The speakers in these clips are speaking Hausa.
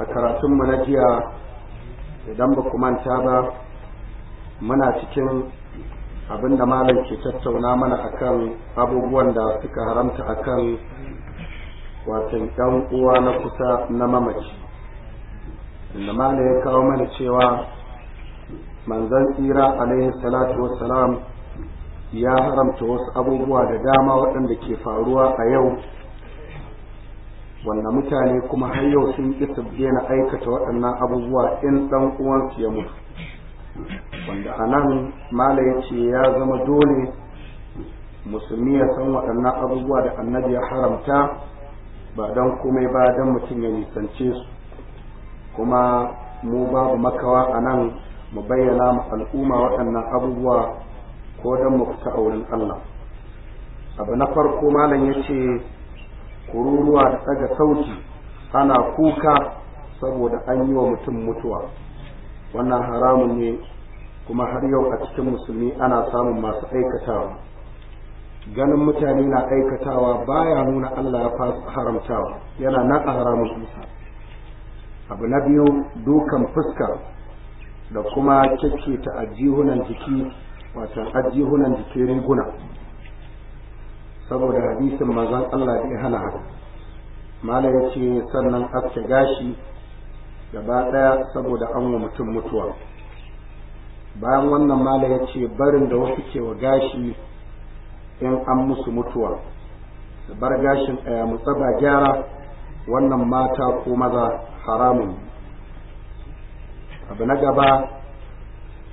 a karatunmu na jiya idan ba manta ba muna cikin abinda malam ke tattauna mana akan abubuwan da suka haramta akan watan ɗan uwa na kusa na mamaci inda malam ya kawo mana cewa manzon tsira alaihi salatu wassalam ya haramta wasu abubuwa da dama waɗanda ke faruwa a yau wanda mutane kuma har yau sun ƙi su na aikata waɗannan abubuwa in ɗan uwansu ya mutu wanda anan nan mala ya ce ya zama dole musulmi ya san waɗannan abubuwa da annabi ya haramta ba don komai ba don mutum ya nisance su kuma mu babu makawa a nan mu bayyana ma al'umma waɗannan abubuwa ko don mu fita a wurin Allah abu na farko malam ya ce kururuwa da ɗaga sauti ana kuka saboda an yi wa mutum mutuwa wannan haramun ne kuma har yau a cikin musulmi ana samun masu aikatawa ganin mutane na aikatawa baya nuna Allah ya fasa haramtawa yana nan a haramun kusa abu na biyu dukan fuska da kuma kyakkyata ta ajihunan jiki wato ajihunan jikin riguna saboda hadisin manzon Allah da ya hana haka malam ya ce sannan aske gashi gaba ɗaya saboda an wa mutum mutuwa bayan wannan malam ya ce barin da wasu ke wa gashi in an musu mutuwa su bar gashin a eh, mu tsaba gyara wannan mata ko maza haramun abu na gaba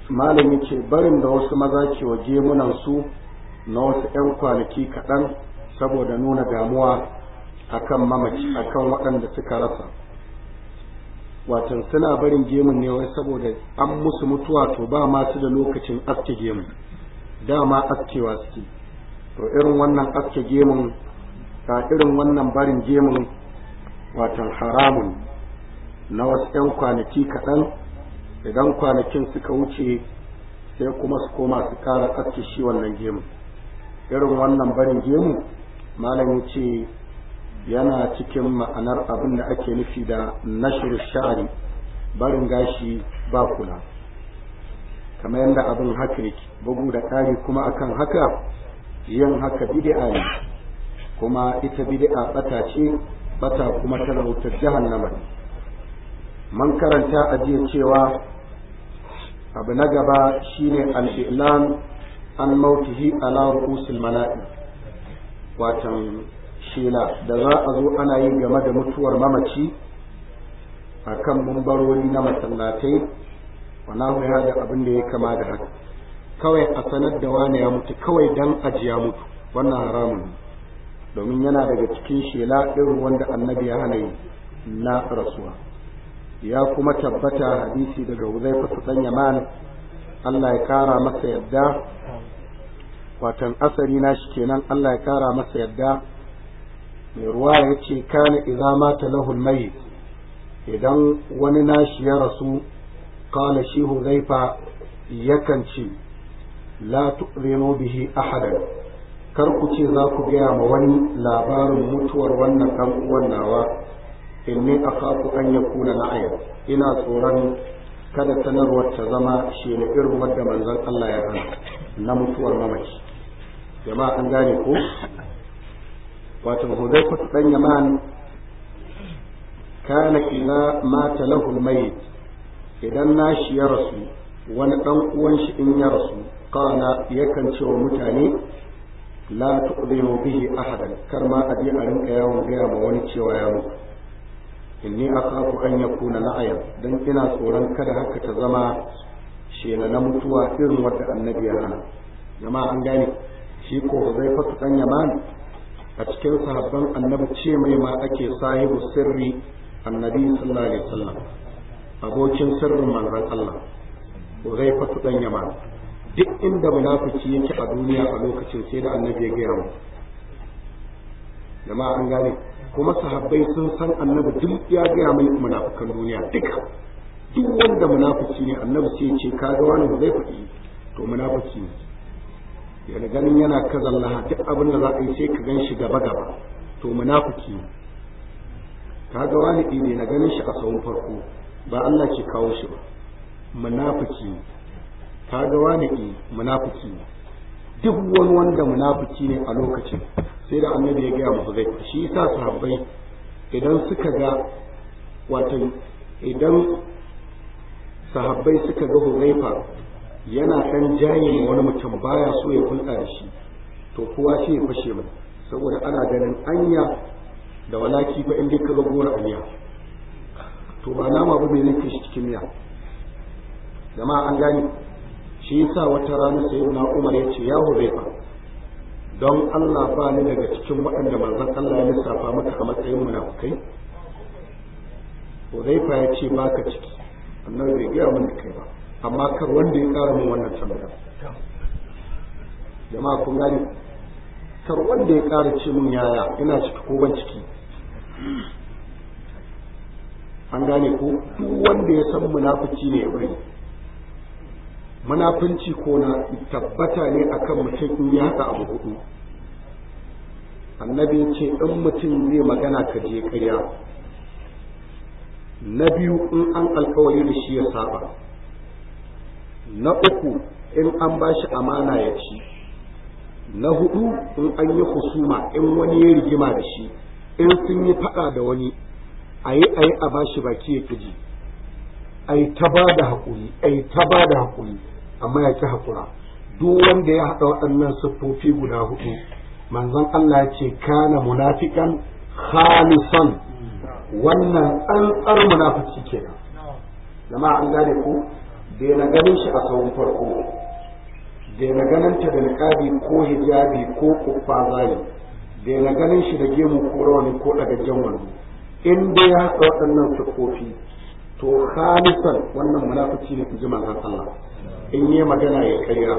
malam ya ce barin da wasu maza ke wa gemunansu su na wasu 'yan kwanaki kaɗan saboda nuna damuwa akan mamaci akan waɗanda suka rasa watan suna barin gemun ne wai saboda an musu mutuwa to ba masu da lokacin aske gemun dama askewa suke to irin wannan aske gemun ta irin wannan barin gemun watan haramun na wasu 'yan kwanaki kaɗan idan kwanakin suka wuce sai kuma su koma su ƙara aske shi wannan gemun irin wannan barin jemu malami ce yana cikin ma'anar abin da ake nufi da nashir sha'ari barin gashi ba kula kamar yadda abin haka bugu da ƙari kuma akan haka yin haka bidi'a ne kuma ita bidi'a bata ce bata kuma ta jihar jahannama man karanta a cewa abu na gaba shine al-i'lan an mautihi ala ru'usul mala'i watan shela da za a zo ana yi game da mutuwar mamaci a kan mumbarori na masallatai wana wuya da abin da ya kama da haka kawai a sanar da wani ya mutu kawai dan ajiya mutu wannan haramun ne domin yana daga cikin shela irin wanda annabi ya hana yi na rasuwa ya kuma tabbata hadisi daga Huzaifa dan mana. Allah ya kara masa yadda watan asali na shi kenan Allah ya kara masa yadda mai ruwa ya ce kana idza mata lahul mai idan wani nashi ya rasu kala shi huzaifa yakan ce la tu'zinu bihi ahadan kar ku ce za ku gaya ma wani labarin mutuwar wannan dan uwan nawa inni akhafu an yakuna na'ayr ina tsoron kada sanarwar ta zama shi ne irin wadda manzon Allah ya hana na mutuwar mamaci jama'a an gane ko wato hudayfa dan yaman kana kila mata lahu almayit idan nashi ya rasu wani dan uwan shi in ya rasu kana yakan ce wa mutane la tuqdiru bihi ahadan kar ma a je a rinka yawon gaya ma wani cewa ya mutu inni akhafu an yakuna la'ayan dan ina tsoron kada haka ta zama shela na mutuwa irin wadda annabi ya hana jama'a an gane shi ko zai fata kan yaman a cikin sahabban annabi ce mai ma ake sahibu sirri annabi sallallahu alaihi wasallam abokin sirrin manzon Allah ko zai fata kan yaman duk inda munafiki yake a duniya a lokacin sai da annabi ya gaya masa jama'a an gane kuma sahabbai sun san annabi duk ya gaya mai munafukan duniya duka duk wanda munafuki ne annabi sai ce ka ga wani ba zai faɗi to munafuki ne yana ganin yana kazan laha duk abin da za a yi sai ka gan shi gaba gaba to munafuki ne ka ga wani ne na ganin shi a tsawon farko ba Allah ke kawo shi ba munafuki ne ka ga wani ne munafuki ne duk wani wanda munafuki ne a lokacin sai da annabi ya gaya musu zai, shi yasa sahabbai idan suka ga wato idan sahabbai suka ga huzaifa yana kan jaye wani mutum baya so ya kulɗa da shi to kowa sai ya fashe mai saboda ana ganin anya da walaki fa in dai ka ga gora anya to ba na ba mai zai shi cikin miya jama'a an gane shi yasa wata rana sai Umar ya ce ya huzaifa don Allah ba ni daga cikin waɗanda manzon Allah ya lissafa maka a matsayin munafukai Hudhaifa ya ce ba ka ciki annabi bai gaya mun kai ba amma kar wanda ya kara min wannan tambaya jama'a kun gane kar wanda ya kara ce min yaya ina ciki ko ban ciki an gane ko duk wanda ya san munafuci ne ya bari munafunci ko na tabbata ne akan mutum in ya haka abu hudu annabi ce in mutum zai magana ka je karya na biyu in an alkawari da shi ya saba na uku in an ba shi amana ya ci na hudu in an yi husuma in wani ya rigima da shi in sun yi faɗa da wani a yi a yi a ba shi baki ya kiji a yi ta ba da haƙuri a ta ba da haƙuri amma ya ki haƙura duk wanda ya haɗa waɗannan siffofi guda hudu manzon Allah ya ce kana munafiqan khalisan wannan tsantsar munafiki kenan jama'a an gane ku da na ganin shi a sauran farko da na ganin ta da niqabi ko hijabi ko kuffa zai da na ganin shi da gemu ko rawani ko daga wani in dai ya haɗa waɗannan siffofi to khalisan wannan munafiki ne in ji manzon Allah in ne magana ya karya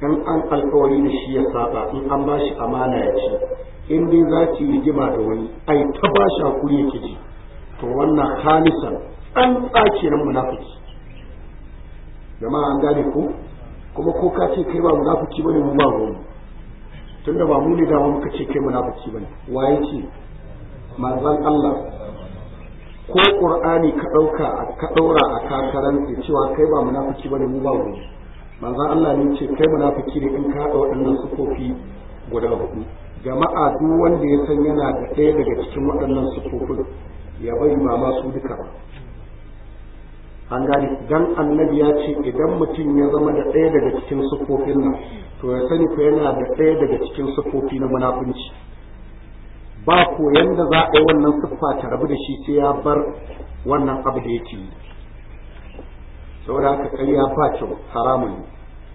in an alkawari da shi ya saba in an ba shi amana ya ci in dai za ki rigima da wani ai ta ba shi hakuri yake ji to wannan halisan an tsaki nan munafiki jama'a an gane ko kuma ko ka ce kai ba munafiki bane mu ba tunda ba mu ne dama muka ce kai munafiki bane waye ce manzon Allah ko qur'ani ka dauka ka daura a kakaran cewa kai ba munafiki bane mu ba wani manzo Allah ne ce kai munafuki ne in ka hada waɗannan sufofi guda hudu jama'a duk wanda ya san yana da ɗaya daga cikin waɗannan sufofin ya bai su duka ba an gane dan annabi ya ce idan mutum ya zama da ɗaya daga cikin sufofin nan to ya sani ko yana da ɗaya daga cikin sufofi na munafunci ba ko yanda za a yi wannan siffa ta rabu da shi sai ya bar wannan abu da yake yi saboda haka kai ba kyau haramun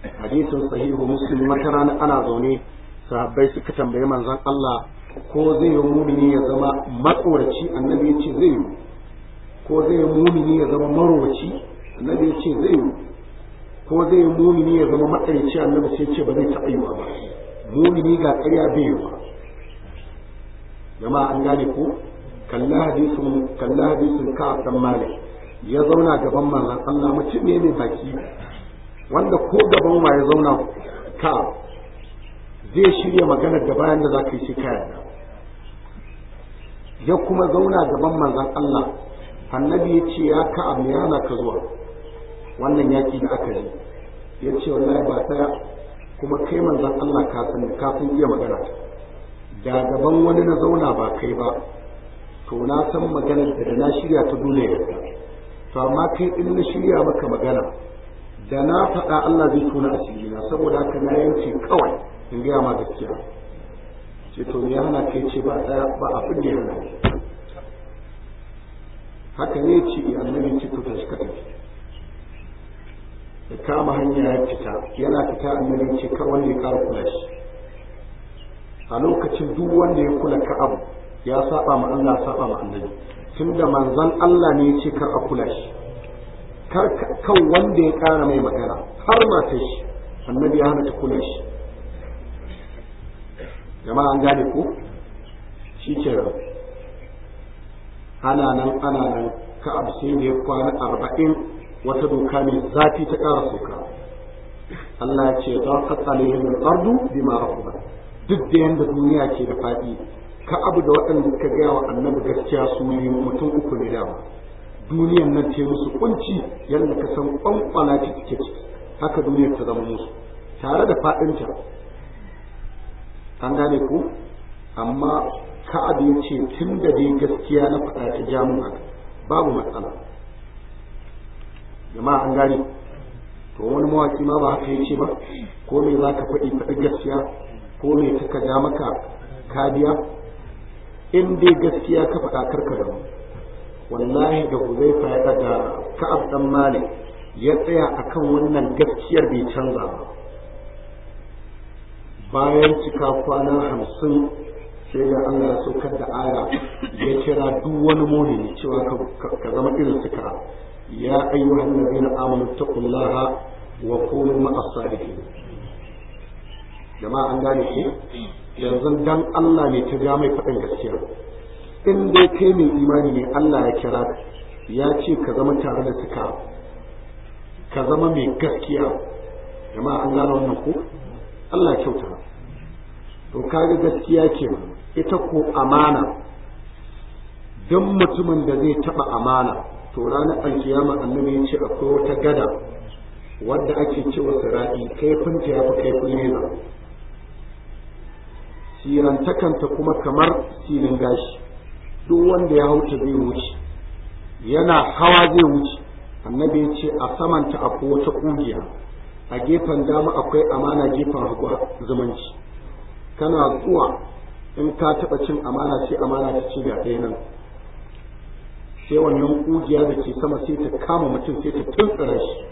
ne hadisin sahihu muslim wata rana ana zaune sahabbai suka tambayi manzon Allah ko zai yi mumini ya zama matsoraci annabi ya ce zai yi ko zai yi mumini ya zama marowaci annabi ya ce zai yi ko zai yi mumini ya zama matsaici annabi sai ce ba zai taɓa yiwa ba mumini ga ƙarya bai yi ba jama'a an gane ko kalla hadisin kalla hadisin ka dan malik ya zauna gaban manzon Allah mutum ne mai baki wanda ko gaban wa ya zauna ka zai shirya magana da bayan da zaka yi shi yarda ya kuma zauna gaban manzon Allah annabi ya ce ya ka abu ka zuwa wannan yaki da aka yi ya ce wallahi ba ta kuma kai manzon Allah ka san iya magana da gaban wani na zauna ba kai ba to na san maganar da na shirya ta dole yadda to amma kai in na shirya maka magana da na faɗa Allah zai tona a na saboda haka na yanke kawai in gaya ma gaskiya ce to ya hana kai ce ba ɗaya ba a da ya hana haka ne ce eh, annabi ce to tashi ka da kama hanya ya fita yana fita annabi ce kar wanda ya kula shi a lokacin duk wanda ya kula ka abu ya saba ma Allah saba ma annabi tunda manzon Allah ne ya ce kar a kula shi kar kan wanda ya kara mai magana har ma ta shi annabi ya hana ta kula shi jama'a an gane ko shi ke ana nan ana nan ka abu sai da ya kwana arba'in wata doka mai zafi ta ƙara sauka Allah ya ce za ka tsale yin ardu bima rahubat duk da yanda duniya ke da faɗi ka abu da waɗanda suka gaya wa annabi gaskiya su ne mutum uku ne dama duniyan nan ce musu kunci yadda ka san kwankwala ta haka duniyar ta zama musu tare da faɗinta an gane ku amma ka'ab ya ce tun da dai gaskiya na faɗa ta jamu babu matsala jama'a an gane to wani mawaki ma ba haka ya ce ba ko me za ka faɗi faɗi gaskiya ko mai kuka ja maka kadiya in dai gaskiya ka faɗa karka da wallahi da huzaifa ya daga ka'ab dan malik ya tsaya akan wannan gaskiyar bai canza ba bayan cika kwana hamsin sai ga Allah ya saukar da aya ya kira duk wani mumini cewa ka zama irin suka ya ayyuhan nabiyina amanu taqullaha wa kunu ma'as salihin jama'a an gane ku yanzu dan Allah ne ta ja mai faɗin gaskiya in dai kai mai imani ne Allah ya kira ya ce ka zama tare da suka ka zama mai gaskiya jama'a an gane wannan ku Allah ya kyauta to kaga gaskiya ke ita ko amana don mutumin da zai taɓa amana to ranar alkiyama annabi ya ce akwai wata gada wadda ake cewa sira'i kaifinta ya fi kaifin neza. sirantakanta kuma kamar silin gashi duk wanda ya hauta zai wuce yana hawa zai wuce annabi ya ce a samanta akwai wata ƙungiya, a gefen dama akwai amana gefen hagu zumunci kana zuwa in ka taɓa cin amana ce amana ta ce ga ɗaya nan sai wannan ƙugiya da ke sama sai ta kama mutum sai ta tuntsara shi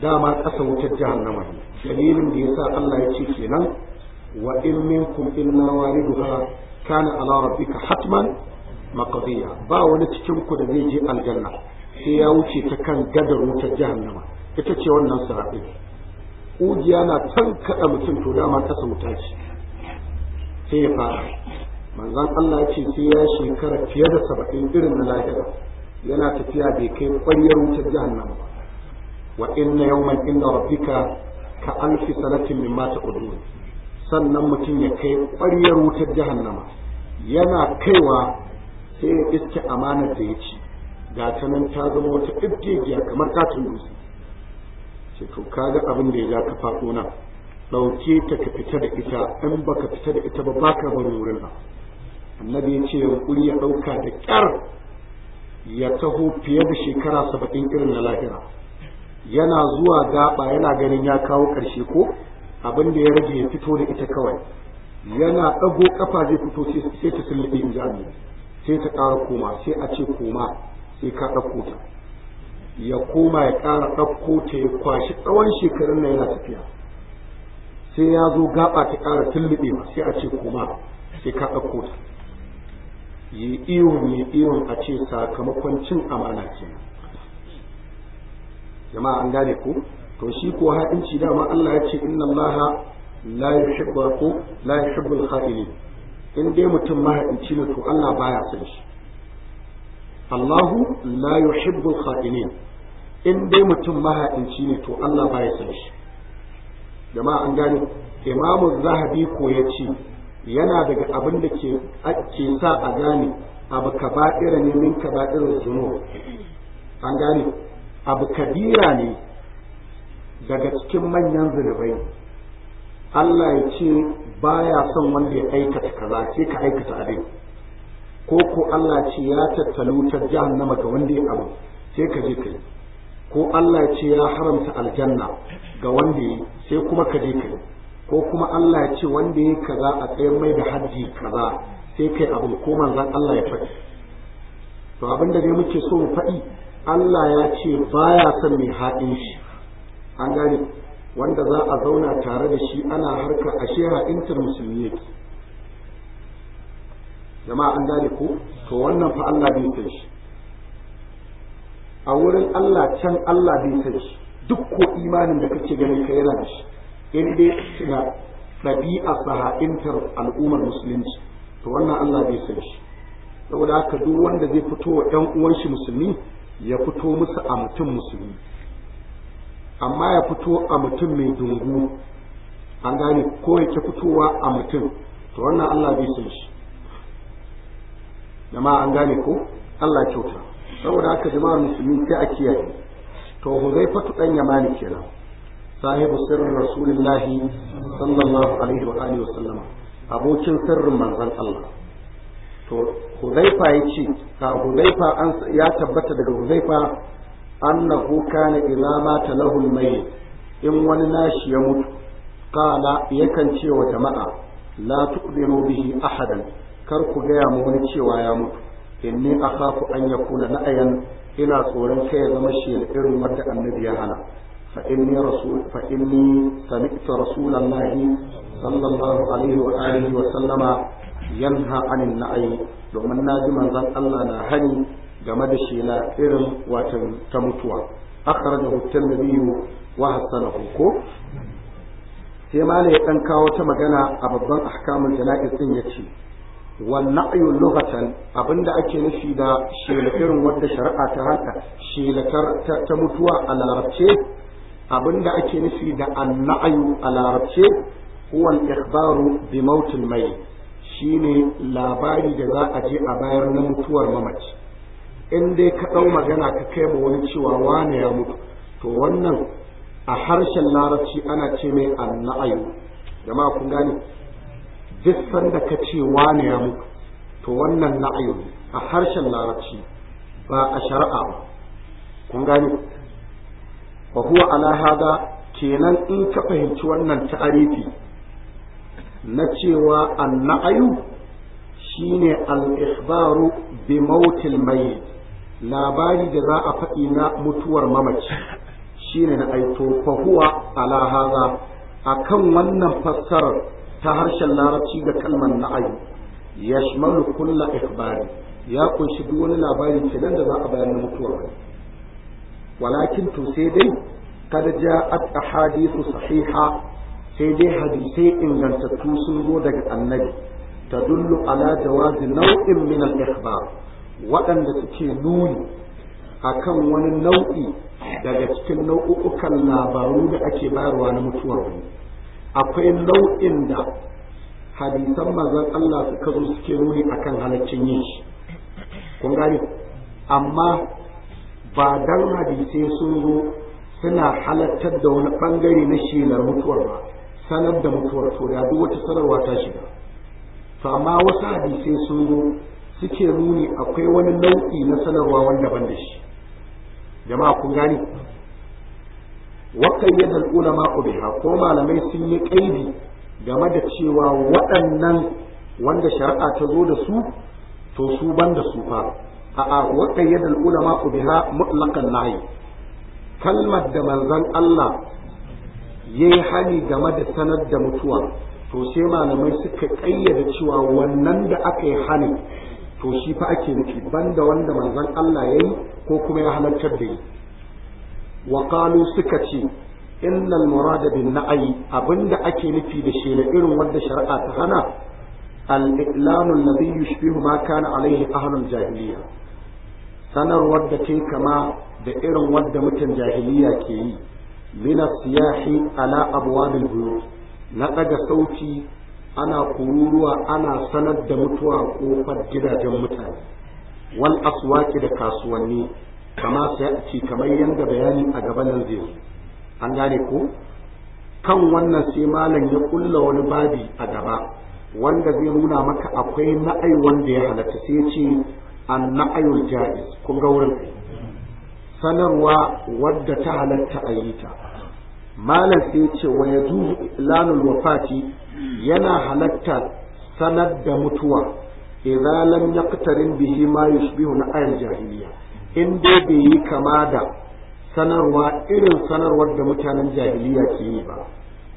dama ƙasa wutar jihar jahannama dalilin da ya sa Allah ya ce kenan wa in minkum illa wariduha kana ala rabbika hatman maqdiya ba wani cikin ku da zai je aljanna sai ya wuce ta kan gadar wutar jahannama ita ce wannan sarabi ujiya na kaɗa mutum to dama ta wuta ce sai ya fara manzon Allah ya ce sai ya shekara fiye da saba'in irin na lahira yana tafiya bai kai kwaryar wutar jahannama ba wa inna yawman inda rabbika ka alfi sanatin mimma ta'udun sannan mutum ya kai ƙwaryar wutar jahannama yana kaiwa sai ya iske amanar da ya ci ga ta nan ta zama wata ɗibgegiya kamar katin dutse ce to kaga abin da ya ja ka faɗo nan ɗauke ta ka fita da ita in ba ka fita da ita ba ba ka bar wurin ba annabi ya ce yankuri ya ɗauka da ƙyar ya taho fiye da shekara saba'in irin na lahira yana zuwa gaɓa yana ganin ya kawo ƙarshe ko abin da ya rage ya fito da ita kawai yana ɗago ƙafa zai fito sai ta sun in jami sai ta ƙara koma sai a ce koma sai ka ɗauko ta ya koma ya ƙara ɗauko ta ya kwashi tsawon shekarun nan yana tafiya sai ya zo gaba ta ƙara tulluɓe sai a ce koma sai ka ɗauko ta yi iyon yi iyon a ce sakamakon cin amana kenan jama'a an gane ko to shi ko ha'inci dama Allah ya ce inna Allah la yuhibbu ko la yuhibbul kha'ilin in dai mutum mahaici ne to Allah baya son shi Allahu la yuhibbul kha'ilin in dai mutum mahaici ne to Allah baya son shi jama'a an gane Imam Zahabi ko ya ce yana daga abin da ke ake sa a gane abu kaba'ira ne min irin zunub an gane abu kabira ne daga cikin manyan zunubai Allah ya ce ba ya son wanda ya aikata kaza sai ka aikata abin ko ko Allah ya ce ya tattalu ta jahannama ga wanda ya abu sai ka je kai ko Allah ya ce ya haramta aljanna ga wanda ya sai kuma ka je kai ko kuma Allah ya ce wanda ya kaza a tsayar mai da hajji kaza sai kai abu ko manzon Allah ya faɗi to abin da dai muke so mu faɗi Allah ya ce baya son mai haɗin shi an gane wanda za a zauna tare da shi ana harka a shehar intar musulmi yake jama'a an gane ko to wannan fa Allah bai san shi a wurin Allah can Allah bai san shi duk ko imanin da kake ganin kai yana da shi in dai suna ɗabi'a sahaɗintar al'ummar musulunci to wannan Allah bai san shi saboda haka duk wanda zai fito wa ɗan uwan shi musulmi ya fito musu a mutum musulmi amma ya fito a mutum mai dungu an gane ko ya ke fitowa a mutum to wannan Allah bai san shi jama'a an gane ko Allah kyauta saboda haka jama'ar musulmi sai a kiyaye to Huzaifatu dan Yamani kenan sahibu sirrin Rasulullahi sallallahu alaihi wa alihi sallama abokin sirrin manzon Allah to Huzaifa yace ka Huzaifa an ya tabbata daga Huzaifa annahu kana idza mata lahu al in wani nashi ya mutu qala yakan ce wa jama'a la tuqbiru bihi ahadan kar ku gaya mu wani cewa ya mutu inni akhafu an yakuna na'ayan ina tsoron kai ya zama shi irin wanda annabi ya hana fa inni rasul fa inni sami'tu rasulullahi sallallahu alaihi wa alihi wa sallama yanha anin na'i domin naji manzon Allah na hani game da shi na irin watan ta mutuwa da akhrajahu da biyu wa hasanahu ko sai ma ya ɗan kawo ta magana a babban ahkamul ya ce, yace والنعي لغة abinda ake nufi da shela irin wadda shari'a ta haka shelatar ta mutuwa a larabce abinda ake nufi da annayu a larabce huwa al-ikhbaru bi mautil mai shine labari da za a je a bayar na mutuwar mamaci in dai ka ɗau magana ka kai ma wani cewa wane ya mutu to wannan a harshen larabci ana ce mai anna'ayu jama'a kun gane duk sanda ka ce wane ya mutu to wannan na'ayu a harshen larabci ba a shari'a ba kun gane wa huwa ala hada kenan in ka fahimci wannan ta'arifi na cewa anna'ayu shine al-ikhbaru bi mautil mayyit labari da za a faɗi na mutuwar mamaci shine na aito fahuwa ala haza akan wannan fassarar ta harshen larabci ga kalmar na'ayi yashmalu kulla ikbari, ya kunshi duk wani labari kenan da za a bayar na mutuwar walakin to sai dai kada ja'at ahadithu sahiha sai dai hadisai ingantattu sun zo daga annabi tadullu ala jawazi nau'in min al-ikhbar waɗanda suke nuni akan wani nau'i daga cikin nau'ukan labaru da ake bayarwa na mutuwar wani akwai nau'in da hadisan mazan Allah suka zo suke nuni akan halaccin yin shi kun amma ba dan hadisai sun zo suna halattar da wani ɓangare na shelar mutuwar ba sanar da mutuwar to da duk wata sanarwa ta shiga to amma wasu hadisai sun zo suke nuni akwai wani nau'i na sanarwa wanda ban da shi jama'a kun gane wakan yadda ulama biha ko malamai sun yi kaidi game da cewa waɗannan wanda shari'a ta zo da su to su ban da su fa a'a wakan yadda ulama biha mutlaqan layi kalmar da manzan Allah yayi hali game da sanar da mutuwa to sai malamai suka kayyade cewa wannan da aka yi hani to shi fa ake nufi banda wanda manzon Allah yayi ko kuma ya halartar da yi wa qalu suka ce innal murada bin na'i abinda ake nufi da shi na irin wanda shari'a ta hana al-i'lanu alladhi yushbihu ma kana alayhi ahlul jahiliya sanarwar da ke kama da irin wanda mutum jahiliya ke yi Mina as-siyahi ala abwabil buyut na daga sauti ana kururuwa ana sanar da mutuwa kofar gidajen mutane wal aswaki da kasuwanni kama sai a ci kamar yadda bayani a gaban nan zai an gane ko kan wannan sai malam ya kulla wani babi a gaba wanda zai nuna maka akwai na'ai wanda ya halatta sai ce an na'ayul ja'iz kun ga wurin sanarwa wadda ta halatta a yi ta malam sai ce wa yajuzu ilanul wafati yana halatta sanar da mutuwa idza lam yaqtarin bihi ma yushbihu na ayal jahiliya in dai bai yi kama da sanarwa irin sanarwar da mutanen jahiliya ke yi ba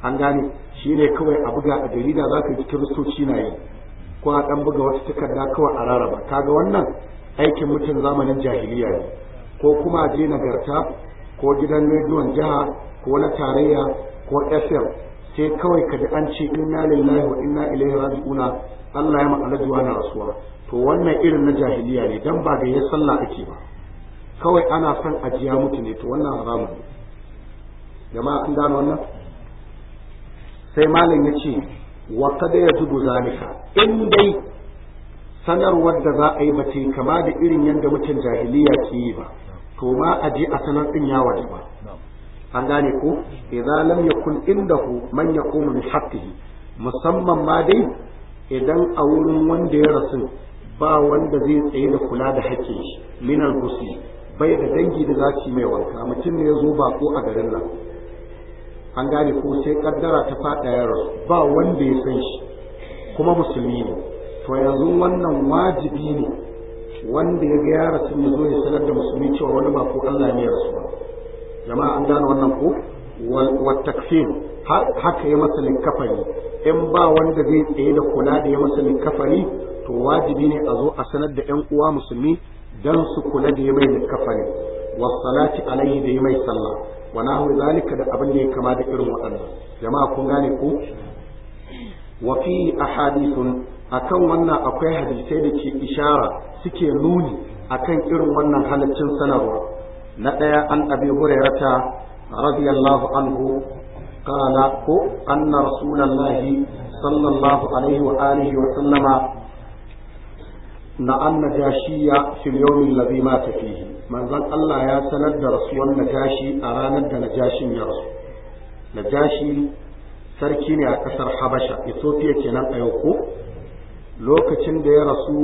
an gane shi ne kawai a buga a jarida za ka ji kiristoci na yi ko a ɗan buga wata takarda kawai a raraba kaga wannan aikin mutum zamanin jahiliya ne ko kuma je nagarta ko gidan rediyon jiha ko na tarayya ko fm sai kawai ka ji an ce inna lillahi wa inna ilaihi raji'una Allah ya ma'ana juwa na rasuwa to wannan irin na jahiliya ne dan ba gayyar sallah ake ba kawai ana son ajiya mutu ne to wannan haramun ne jama'a kun gano wannan sai malam ya ce wa kada ya zubu zalika in dai sanarwar da za a yi bace kama da irin yadda mutum jahiliya ke yi ba to ma a je a sanar din ya waje ba an gane ko idza lam yakun indahu man yaqumu bi haqqihi musamman ma dai idan a wurin wanda ya rasu ba wanda zai tsaye da kula da hakkin shi al bai da dangi da za mai wanka mutum ne ya zo ba ko a garin nan an gane ko sai kaddara ta faɗa ya rasu ba wanda ya san shi kuma musulmi ne to yanzu wannan wajibi ne wanda ya ga ya rasu ya zo ya sanar da musulmi cewa wani ba ko Allah ne ya rasu ba jama'a an gane wannan ko wa takfir haka ya masa likafari in ba wanda zai tsaye da kula da ya masa likafari to wajibi ne a zo a sanar da yan uwa musulmi dan su kula da ya mai likkafani wa salati alayhi da ya mai sallah wa nahwu zalika da abin da ya kama da irin waɗannan jama'a kun gane ko wa fi ahadithun akan wannan akwai hadisai da ke ishara suke nuni akan irin wannan halaccin sanarwa na ɗaya an abi hurairata radiyallahu anhu qala ko anna rasulullahi sallallahu alaihi wa alihi wa sallama na an najashiya fil yawmin ladhi mata fihi manzon Allah ya sanar da rasuwan najashi a ranar da najashin ya rasu najashi sarki ne a ƙasar habasha ethiopia kenan a yau ko lokacin da ya rasu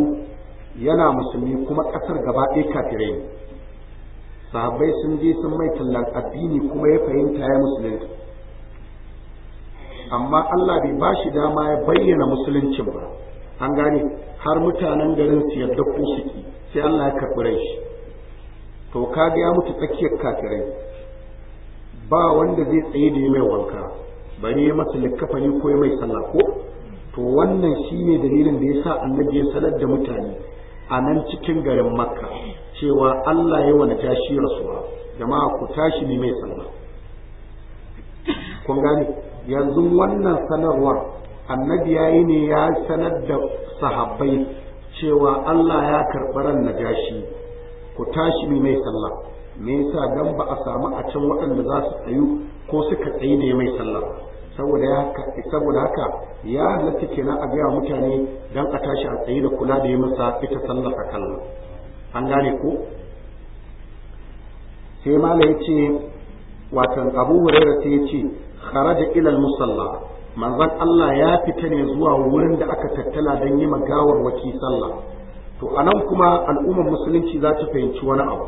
yana musulmi kuma ƙasar gaba ɗaya kafirai ne sahabbai sun je sun mai tallan addini kuma ya fahimta ya musulunci amma Allah bai ba shi dama ya bayyana musuluncin ba an gane har mutanen garin su yadda ko suke sai Allah ya karɓi shi to ga ya mutu tsakiyar kafirai ba wanda zai tsaye da yi mai wanka bari ya masa likkafani ko ya mai sallah ko to wannan shine dalilin da ya yasa annabi ya sanar da mutane a nan cikin garin makka cewa Allah ya wani tashi rasuwa jama'a ku tashi ne mai sallah kun gani yanzu wannan sanarwar annabi ya yi ne ya sanar da sahabbai cewa Allah ya karɓi ran najashi ku tashi ne mai sallah me yasa dan ba a samu a can waɗanda za su tsayu ko suka tsayi ne mai sallah saboda haka saboda haka ya halatta kenan a ga mutane dan a tashi a tsayi da kula da yi masa ita sallah a kallon an gane ko sai mala ya ce watan abu hurairah sai ya ce kharaja ila musalla manzan Allah ya fita ne zuwa wurin da aka tattala don yi magawar waki sallah to anan kuma al'ummar musulunci za ta fahimci wani abu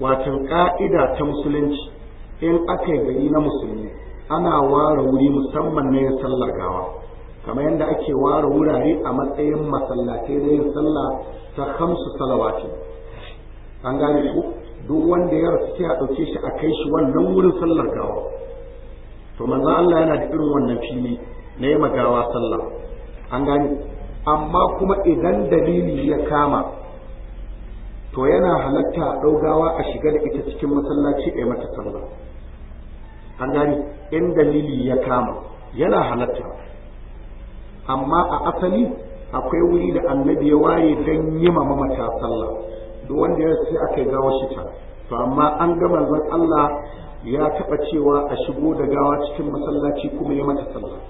watan ka'ida ta musulunci in aka yi gari na musulmi ana ware wuri musamman ne sallar gawa kamar yadda ake ware wurare a matsayin masallatai na yin sallah ta hamsu salawati an gane ku duk wanda ya rasu sai a ɗauke shi a kai shi wannan wurin sallar gawa to manzon Allah yana da irin wannan fili na yi magawa sallah an gane amma kuma idan dalili ya kama to yana halatta a gawa a shiga da ita cikin masallaci a mata sallah an gane in dalili ya kama yana halatta amma a asali akwai wuri da annabi ya waye don yi ma mamata sallah duk wanda ya ce aka gawo gawa shi ta to amma an ga manzon Allah ya taɓa cewa a shigo da gawa cikin masallaci kuma ya mata sallah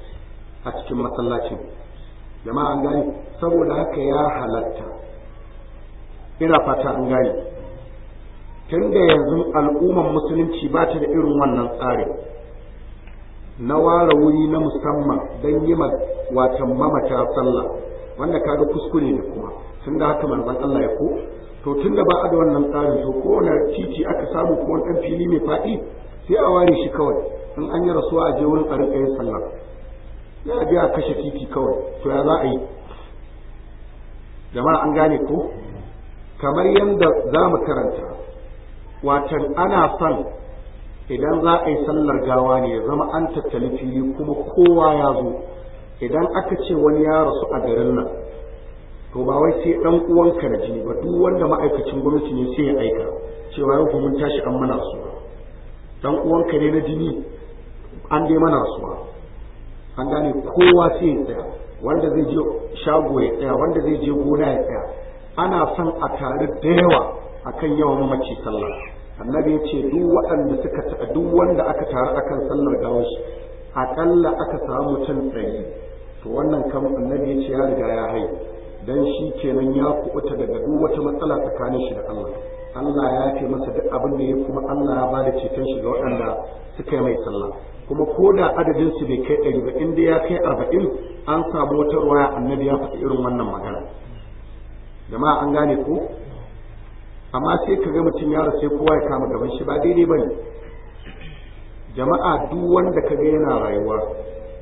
a cikin masallacin jama'a an gani saboda haka ya halatta ina fata an gani. tun da yanzu al'ummar musulunci ba ta da irin wannan tsarin na ware wuri na musamman don yi watan mamata sallah wanda kaga kuskure ne kuma tun da haka manzon Allah ya ko to tun da ba a da wannan tsarin to kowane titi aka samu ko wani fili mai fadi, sai a ware shi kawai in an yi rasuwa a je wurin a rinka yin sallah ya a a kashe titi kawai to ya za a yi jama'a an gane ko kamar yadda za mu karanta watan ana son idan za a yi sallar gawa ne ya zama an tattali fili kuma kowa ya zo idan aka ce wani ya rasu a garin nan to ba wai sai dan uwanka da jini ba duk wanda ma'aikacin gwamnati ne sai ya aika cewa yau mun tashi an mana su dan uwanka ne na jini an dai mana su an gane kowa sai ya tsaya wanda zai je shago ya tsaya wanda zai je gona ya tsaya ana son a tare da yawa akan yawan mace sallah annabi ya ce duk waɗanda suka duk wanda aka taru akan sallar gawar shi aƙalla aka samu mutum ɗari to wannan kam annabi ya ce ya riga ya hai dan shi kenan ya kuɓuta daga duk wata matsala tsakanin shi da Allah Allah ya ce masa duk abin da ya kuma Allah ya bada ceton shi ga waɗanda suka yi mai sallah kuma ko da adadin su bai kai ɗari ba in da ya kai arba'in an samu wata waya annabi ya faɗi irin wannan magana jama'a an gane ko amma sai ka ga mutum ya rasu kowa ya kama gaban shi ba daidai ba ne. jama'a duk wanda ka ga yana rayuwa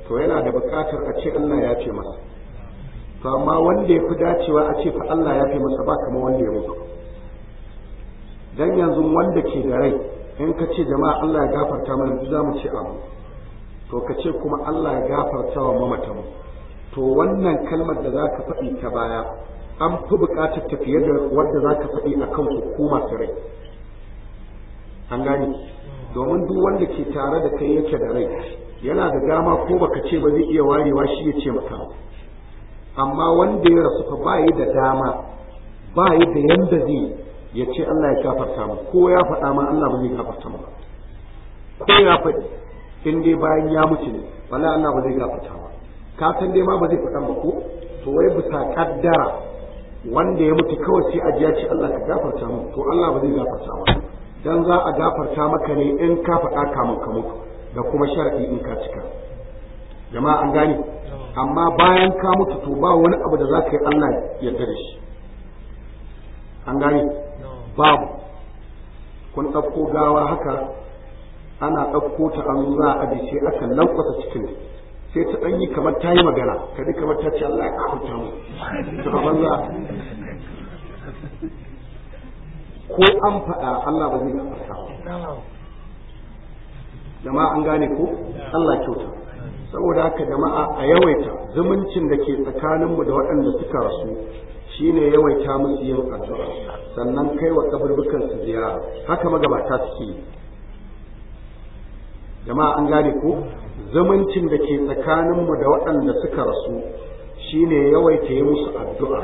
to yana da buƙatar a ce Allah ya ce masa to amma wanda ya fi dacewa a ce fa Allah ya fi masa ba kamar wanda ya mutu dan yanzu wanda ke da rai in ka ce jama'a Allah ya gafarta mana za mu ce abu to ka ce kuma Allah ya gafarta wa mamatan to wannan kalmar da za ka faɗi ta baya an fi buƙatar tafiye da wanda za ka faɗi a kan hukuma ta rai an gani domin duk wanda ke tare da kai yake da rai yana da dama ko baka ce ba zai iya warewa shi ya ce maka amma wanda ya rasu fa ba da dama ba da yanda zai ya ce Allah ya kafarta mu ko ya faɗa ma Allah ba zai kafarta mu ko ya faɗi in dai bayan ya mutu ne wallahi Allah ba zai gafarta mu ka san dai ma ba zai faɗa ba ko to wai bisa kaddara wanda ya mutu kawai sai a jiya ce Allah ka gafarta mu to Allah ba zai gafarta ba dan za a gafarta maka ne in ka faɗa kamun ka mutu da kuma sharadi in ka cika jama'a an gane amma bayan ka mutu to ba wani abu da za ka yi Allah ya da shi an gane babu kun ɗauko gawa haka ana ɗauko ta an za a ajiye akan lankwasa cikin sai ta ɗan yi kamar ta yi magana ka kamar ta ce Allah ya ta mu ta a ko an faɗa Allah ba zai Da jama'a an gane ko Allah kyauta saboda haka jama'a a yawaita zumuncin da ke tsakaninmu da waɗanda suka rasu shine yawaita musu yin addu'a sannan kai wa kaburbukan su ziyara haka magabata suke jama'a an gane ko Zamancin da ke tsakaninmu da waɗanda suka rasu shine yawaita yi musu addu'a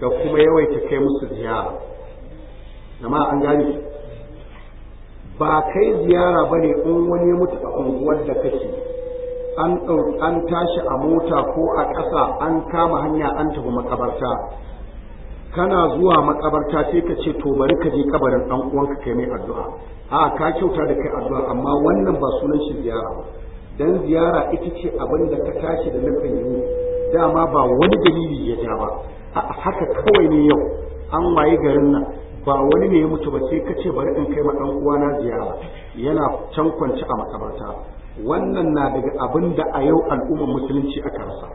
da kuma yawaita kai musu ziyara jama'a an gane ba kai ziyara ba ne in wani mutu a unguwar da kake an an tashi a mota ko a ƙasa an kama hanya an tafi makabarta kana zuwa makabarta sai ka ce to bari ka je kabarin dan uwanka kai mai addu'a a ka kyauta da kai addu'a amma wannan ba sunan shi ziyara ba dan ziyara ita ce abin da ka tashi da nufin yi dama ba wani dalili ya ja ba haka kawai ne yau an waye garin nan ba wani ne ya mutu ba sai ka ce bari in kai ma dan uwana ziyara yana can kwance a makabarta wannan na daga abin da a yau al'ummar musulunci aka rasa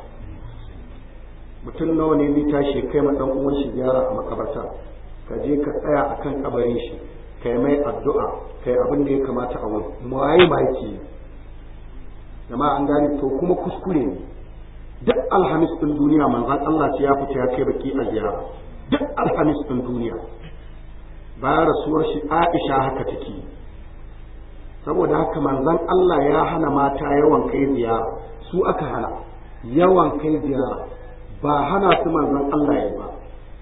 mutum nawa ne ni tashi kai ma dan uwan shi ziyara a makabarta ka je ka tsaya akan kabarin shi kai mai addu'a kai abin da ya kamata a wani mai ma Jama'an an gane to kuma kuskure ne duk alhamis ɗin duniya manzan Allah ce ya fita ya kai baki a ziyara duk alhamis ɗin duniya ba rasuwar shi Aisha haka take saboda haka manzan Allah ya hana mata yawan kai ziyara su aka hana yawan kai ziyara ba hana su manzan Allah ya ba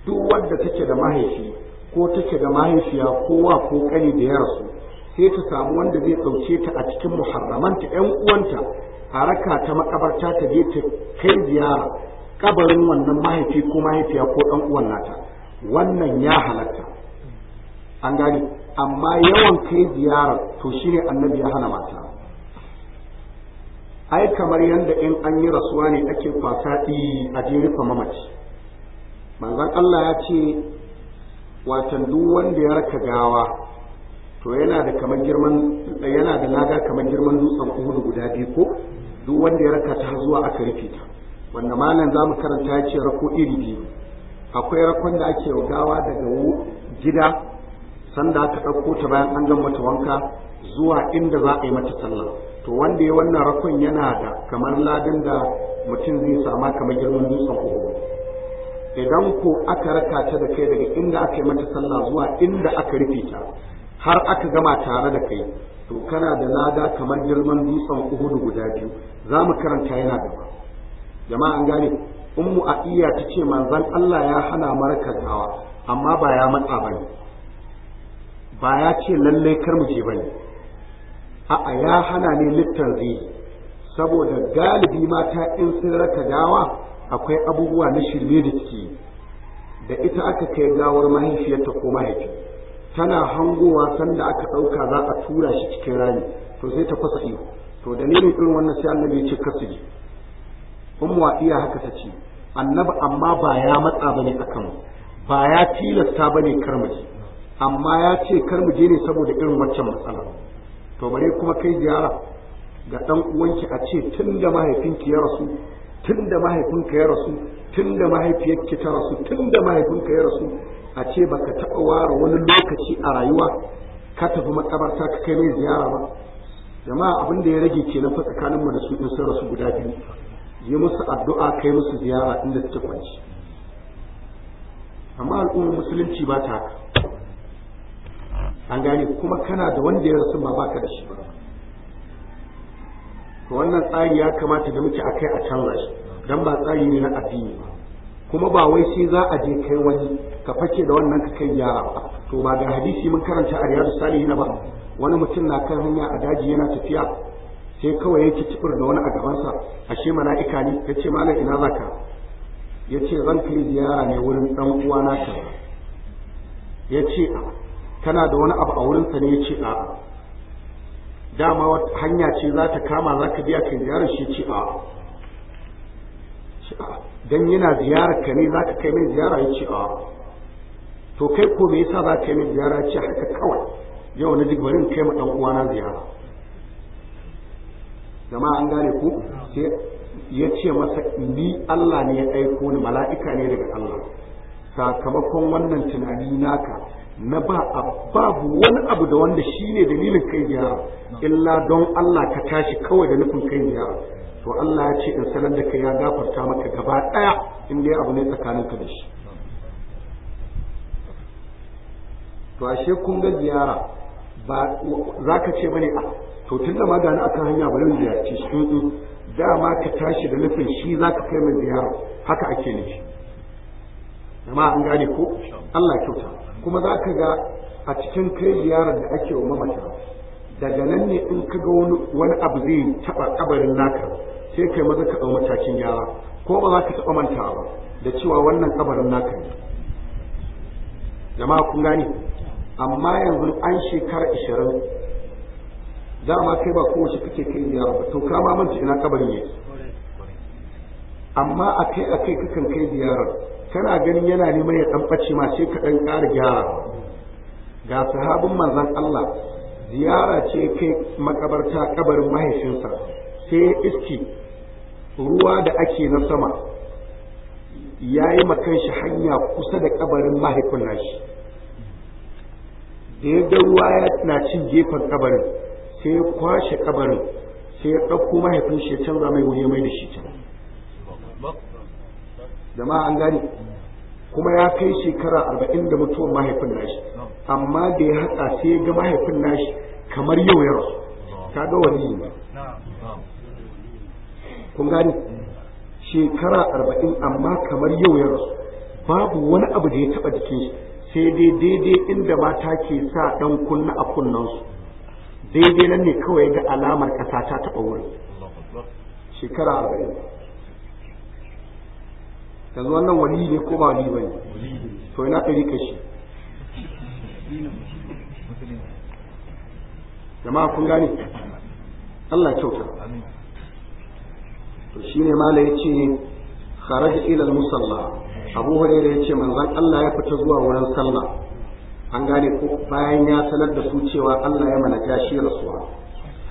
duk wanda take da mahaifi ko take da mahaifiya kowa ko kani da yarsu. sai ta samu wanda zai ɗauke ta a cikin muharramanta ‘yan uwanta a raka ta makabarta ta je ta kai ziyara kabarin wannan mahaifi ko mahaifiya ko ɗan uwan nata wannan ya halatta an gani amma yawan kai ziyarar to shine annabi ya hana mata ai kamar yadda in an yi rasuwa ne ake kwasa a jerifa mamaci manzon Allah ya ce watan duk wanda ya raka gawa to yana da kamar girman yana da lada kamar girman dutsen uhudu guda biyu ko duk wanda ya raka ta zuwa aka rufe ta wanda malam zamu karanta ya ce rako iri biyu akwai rakon da ake gawa daga gida sanda ta ɗauko ta bayan an gama mata wanka zuwa inda za a yi mata sallah to wanda ya wannan rakon yana da kamar ladin da mutum zai sama kamar girman dutsen uhudu idan ko aka raka ta da kai daga inda aka yi mata sallah zuwa inda aka rufe ta har aka gama tare da kai to kana da lada kamar girman dutsen uhudu guda biyu za mu karanta yana gaba jama'a an gane ummu aqiya ta ce manzon Allah ya hana hawa amma ba ya matsa bane ba ya ce lalle kar mu je bane a'a ya hana ne littan zai saboda galibi mata in sun raka dawa akwai abubuwa na shirme da ciki da ita aka kai gawar mahaifiyarta ko mahaifi tana hangowa sanda aka ɗauka za a tura shi cikin rami to sai ta kwasa iyo to dalilin irin wannan sai annabi ya ce kasu ji ummu iya haka ta ce annabi amma ba ya matsa bane akan ba ya tilasta bane kar mu amma ya ce kar mu je ne saboda irin waccan matsala to bare kuma kai ziyara ga dan uwanki a ce tun da mahaifinki ya rasu tun da mahaifinka ya rasu tun da mahaifiyarki ta rasu tun da mahaifinka ya rasu a ce ba ka taɓa ware wani lokaci a rayuwa ka tafi makabarta ka kai mai ziyara ba jama'a abin da ya rage kenan fa tsakanin mu da su in sun rasu guda biyu yi musu addu'a kai musu ziyara inda suke kwanci amma al'ummar musulunci ba ta haka an gane kuma kana da wanda ya rasu ma baka da shi ba to wannan tsari ya kamata da muke kai a canza shi dan ba tsari ne na addini ba kuma ba wai sai za a je kai wani ka fake da wannan ka kai yara ba to ba ga hadisi mun karanta a riyadu salihin ba wani mutum na kan hanya a daji yana tafiya sai kawai yake cibir da wani a gabansa ashe mala'ika ne ya ce malam ina za ka ya ce zan kai ziyara ne wurin ɗan uwana ka ya ce kana da wani abu a wurinsa ne ya ce dama hanya ce za ta kama za ka biya kai ziyarar shi ce a dan yana ziyarar ka ne za ka kai min ziyara ya ce a to kai ko me yasa za ka kai min ziyara ce haka kawai yau na ji barin kai ma dan uwana ziyara jama'a an gane ku sai ya ce masa ni Allah ne ya aiko ni mala'ika ne daga Allah sakamakon wannan tunani naka na ba babu wani abu da wanda shine dalilin kai ziyara illa don Allah ka tashi kawai da nufin kai ziyara to Allah ya ce in sanar da kai ya gafarta maka gaba ɗaya in dai abu ne tsakaninka da shi to ashe kun ga ziyara ba za ka ce bane a ah, to tun da magana akan hanya bari mu ziyarci shi dama ka tashi da nufin shi za ka kai mai ziyara haka ake nufi amma an gane ko Allah kyauta kuma za ka ga a cikin kai ziyarar da ake wa mamata daga nan ne in ka ga wani abu zai taɓa kabarin naka sai kai maza ka ɗau matakin gyara ko ba za ka taɓa mantawa da cewa wannan kabarin naka ne jama'a kun gane amma yanzu an shekara ishirin dama kai ba kowace kake kai ziyara ba to kama manta ina kabarin yake amma akai akai kakan kai ziyarar kana ganin yana neman ya dan bace ma sai ka dan ƙara gyara ga sahabin manzon Allah ziyara ce kai makabarta kabarin mahaifinsa sai iski ruwa da ake na sama ya yi makanshi hanya kusa da kabarin mahaifin nashi da ya ga ruwa na cin gefen kabarin sai ya kwashe kabarin sai ya ɗauko mahaifin shi ya canza mai wuri mai da shi can jama'a an gane kuma ya kai shekara arba'in da mutuwar mahaifin nashi amma da ya haka sai ya ga mahaifin nashi kamar yau ya rasu ta ga wani ne kun gani shekara arba'in amma kamar yau ya rasu babu wani abu da ya taɓa jikin shi sai dai daidai inda mata ke sa dan kunna a kunnansu daidai nan ne kawai ga alamar ƙasa ta taɓa wurin shekara arba'in yanzu wannan wali ne ko ba wali bane to ina ɗari kashi jama'a kun gane Allah kyauta to shine mala yace kharaja ila al-musalla Abu Hurairah yace manzon Allah ya fita zuwa wurin sallah an gane ko bayan ya sanar da su cewa Allah ya malaka shi rasuwa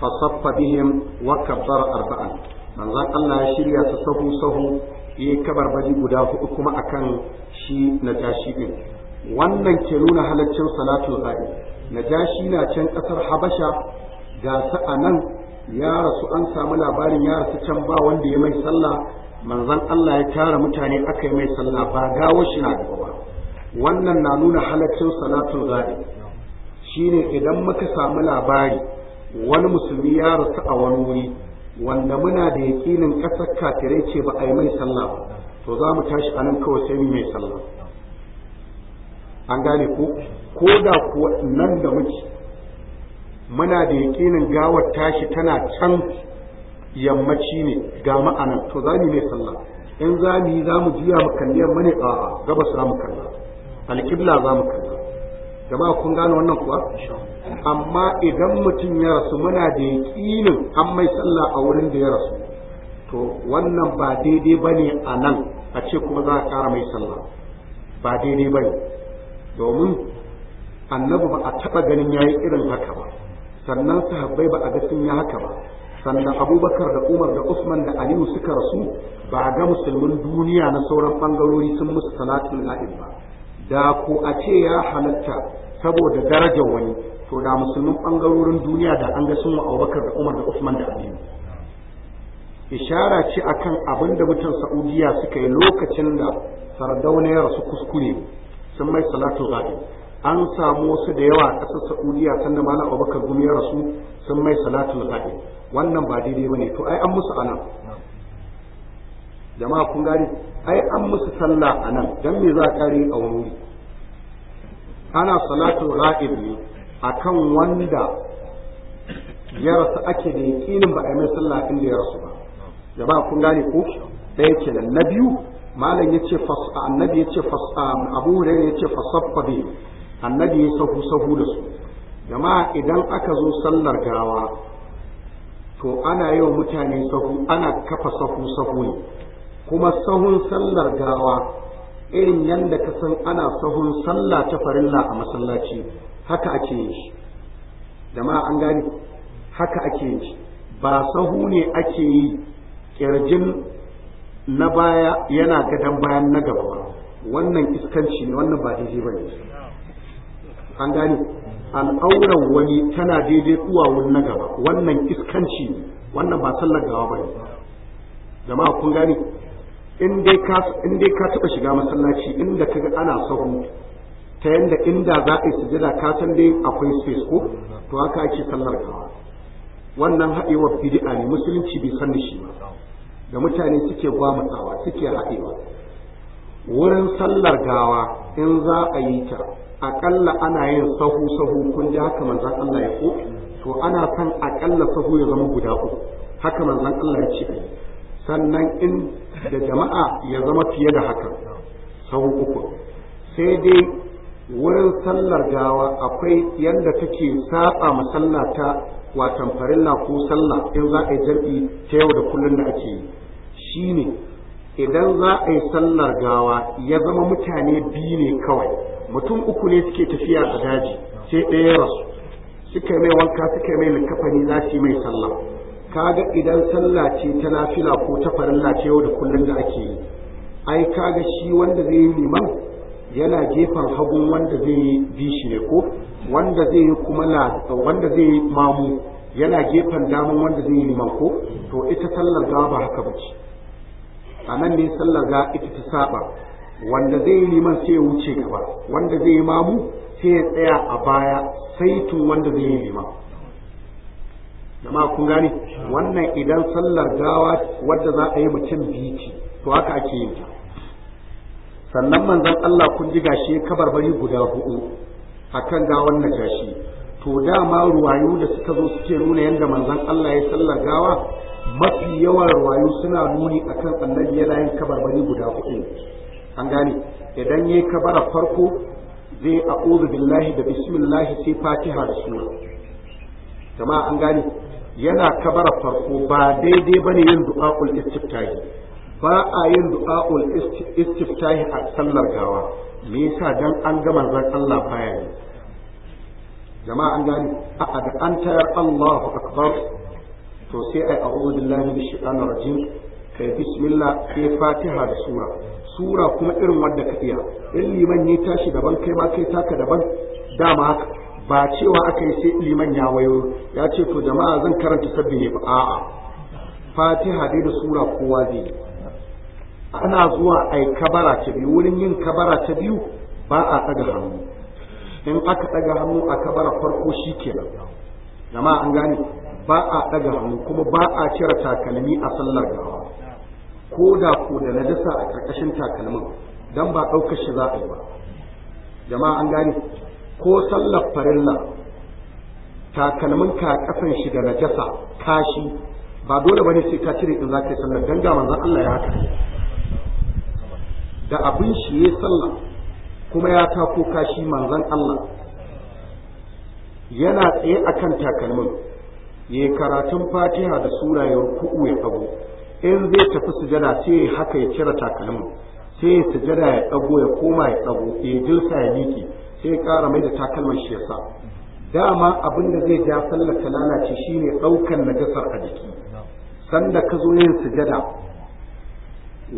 fa saffa bihim wa kabbara arba'an manzon Allah ya shirya su sahu sahu yi kabarbaji guda hudu kuma akan shi najashi din wannan ke nuna halaccin salatul ghaib najashi na can kasar habasha ga sa a nan ya rasu an samu labarin ya rasu can ba wanda ya mai sallah manzon Allah ya tara mutane aka yi mai sallah ba gawo shi na gaba ba wannan na nuna halaccin salatul ghaib shine idan muka samu labari wani musulmi ya rasu a wani wuri wanda muna da yakinin kasar kafirai ce ba a yi mai sallah to za mu tashi a nan kawai sai mai sallah an gane ko ko da kuwa nan da muke muna da yakinin gawar tashi tana can yammaci ne ga ma'anar to za mu mai sallah in za mu yi za mu jiya mu kalli yamma ne a'a gabas za mu kalla alƙibla za mu kalla jama'a kun gane wannan kuwa amma idan mutum ya rasu muna da yaƙinin an mai sallah a wurin da ya rasu to wannan ba daidai ba ne a nan a ce kuma za a ƙara mai sallah ba daidai ba domin annabi ba a taɓa ganin ya yi irin haka ba sannan sahabbai ba a ga sun yi haka ba sannan abubakar da umar da usman da aliyu suka rasu ba a ga musulmin duniya na sauran bangarori sun musu salatin la'in ba da ko a ce ya halatta saboda darajar wani to da musulmin bangarorin duniya da an ga sun wa abubakar da umar da usman da aliyu ishara ce akan abin da mutan saudiya suka yi lokacin da sardauna ya rasu kuskure sun mai salatu ga'ib an samu wasu da yawa a ƙasar saudiya da malam abubakar gumi ya rasu sun mai salatul fa'i wannan ba daidai bane to ai an musu anan jama'a kun gani ai an musu sallah anan dan me za a kare a wuri ana salatu ra'ib ne akan wanda ya rasu ake da yakinin ba a yi mai sallah inda ya rasu ba jama'a kun gane ko ɗaya da na biyu malam yace fas annabi yace fas um, abu hurairah yace fasaffa bihi annabi ya sahu sahu da su jama'a idan aka zo sallar gawa to ana yi wa mutane sahu ana kafa sahu sahu ne kuma sahun sallar gawa irin yadda ka san ana sahun sallah ta farilla a masallaci haka ake yin shi jama'a an gane haka ake yin shi ba sahu ne ake yi kirjin na baya yana gadon bayan na gaba ba wannan iskanci ne wannan ba daidai ba ne an gane al'auran wani tana daidai wani na gaba wannan iskanci ne wannan ba sallar gawa ba ne jama'a kun gane in dai ka taɓa shiga masallaci inda ka ga ana sahu ta yanda inda za a yi sujada ka san dai akwai space ko to haka ake sallar gawa wannan haɗewar bid'a ne musulunci bai san shi ba da mutane suke tsawa, suke haɗewa wurin sallar gawa in za a yi ta aƙalla ana yin sahu sahu kun ji haka manzan Allah ya ko to ana son aƙalla sahu ya zama guda uku haka manzan Allah ya ce sannan in da jama'a ya zama fiye da haka sahu uku sai dai wurin sallar gawa akwai yadda take saba ta watan farilla ko sallah in za a yi jar'i ta yau da kullum da ake yi shine idan za a yi sallar gawa ya zama mutane biyu ne kawai mutum uku ne suke tafiya a daji sai ɗaya ya rasu suka mai wanka suka mai likafani za su yi mai sallah kaga idan sallah ce ta lafila ko ta farilla ce yau da kullum da ake yi ai ka ga shi wanda zai yi liman yana gefen hagun wanda zai yi bishi ne ko wanda zai yi kuma la wanda zai yi mamu yana gefen daman wanda zai yi liman ko to ita sallar gawa ba haka ba ce. a nan ne sallar gawa ita ta saba wanda zai yi liman sai ya wuce gaba wanda zai yi mamu sai ya tsaya a baya sai saitu wanda zai yi liman Jam'a kun gane wannan idan sallar gawa wadda za a yi mutum biyu to haka ake yin ta sannan manzon Allah kun ji gashi bari guda hudu akan gawan gashi. to dama ruwayu da suka zo suke nuna yadda manzon Allah ya sallar gawa mafi yawan ruwayu suna nuni akan annabi yana yin kabarbari guda hudu an gane idan yayi kabara farko zai a'udhu billahi da bismillah sai fatiha da sura jama'a an gane yana kabara farko ba daidai bane yin du'a'ul istiftahi ba a yin du'a'ul istiftahi a sallar gawa me yasa dan an ga zan Allah baya ne jama'a an gane a'a da an tayar Allahu akbar to sai ai a'udhu billahi minash shaitanir rajim kai bismillah sai fatiha da sura sura kuma irin wanda ka iya in liman ya tashi daban kai ma kai taka daban dama haka ba cewa aka yi sai liman ya wayo ya ce to jama'a zan karanta sabbi ne ba a'a fatiha dai da sura kowa zai yi. ana zuwa ai kabara ta biyu wurin yin kabara ta biyu ba a tsaga hannu in aka tsaga hannu a kabara farko shi kenan jama'a an gane ba a ɗaga hannu kuma ba a cire takalmi a sallar gaba. ko da ko da najasa a karkashin takalmin dan ba daukar shi za a yi ba jama'a an gane ko sallar farilla takalmin ka kasan shi da najasa kashi ba dole bane sai ka cire in zaka yi sallar dan ga Allah ya haka da abin shi ya sallah kuma ya tako kashi manzon Allah yana tsaye akan takalmin ya karatun fatiha da sura ya ku'u ya abu in zai tafi sujada sai haka ya cire takalmin sai sujada ya dago ya koma ya dago ya jinsa ya miki sai ya ƙara mai da takalman shi yasa dama abin da zai ja sallar ta lalace shine ɗaukan najasar a jiki sanda ka zo yin sujada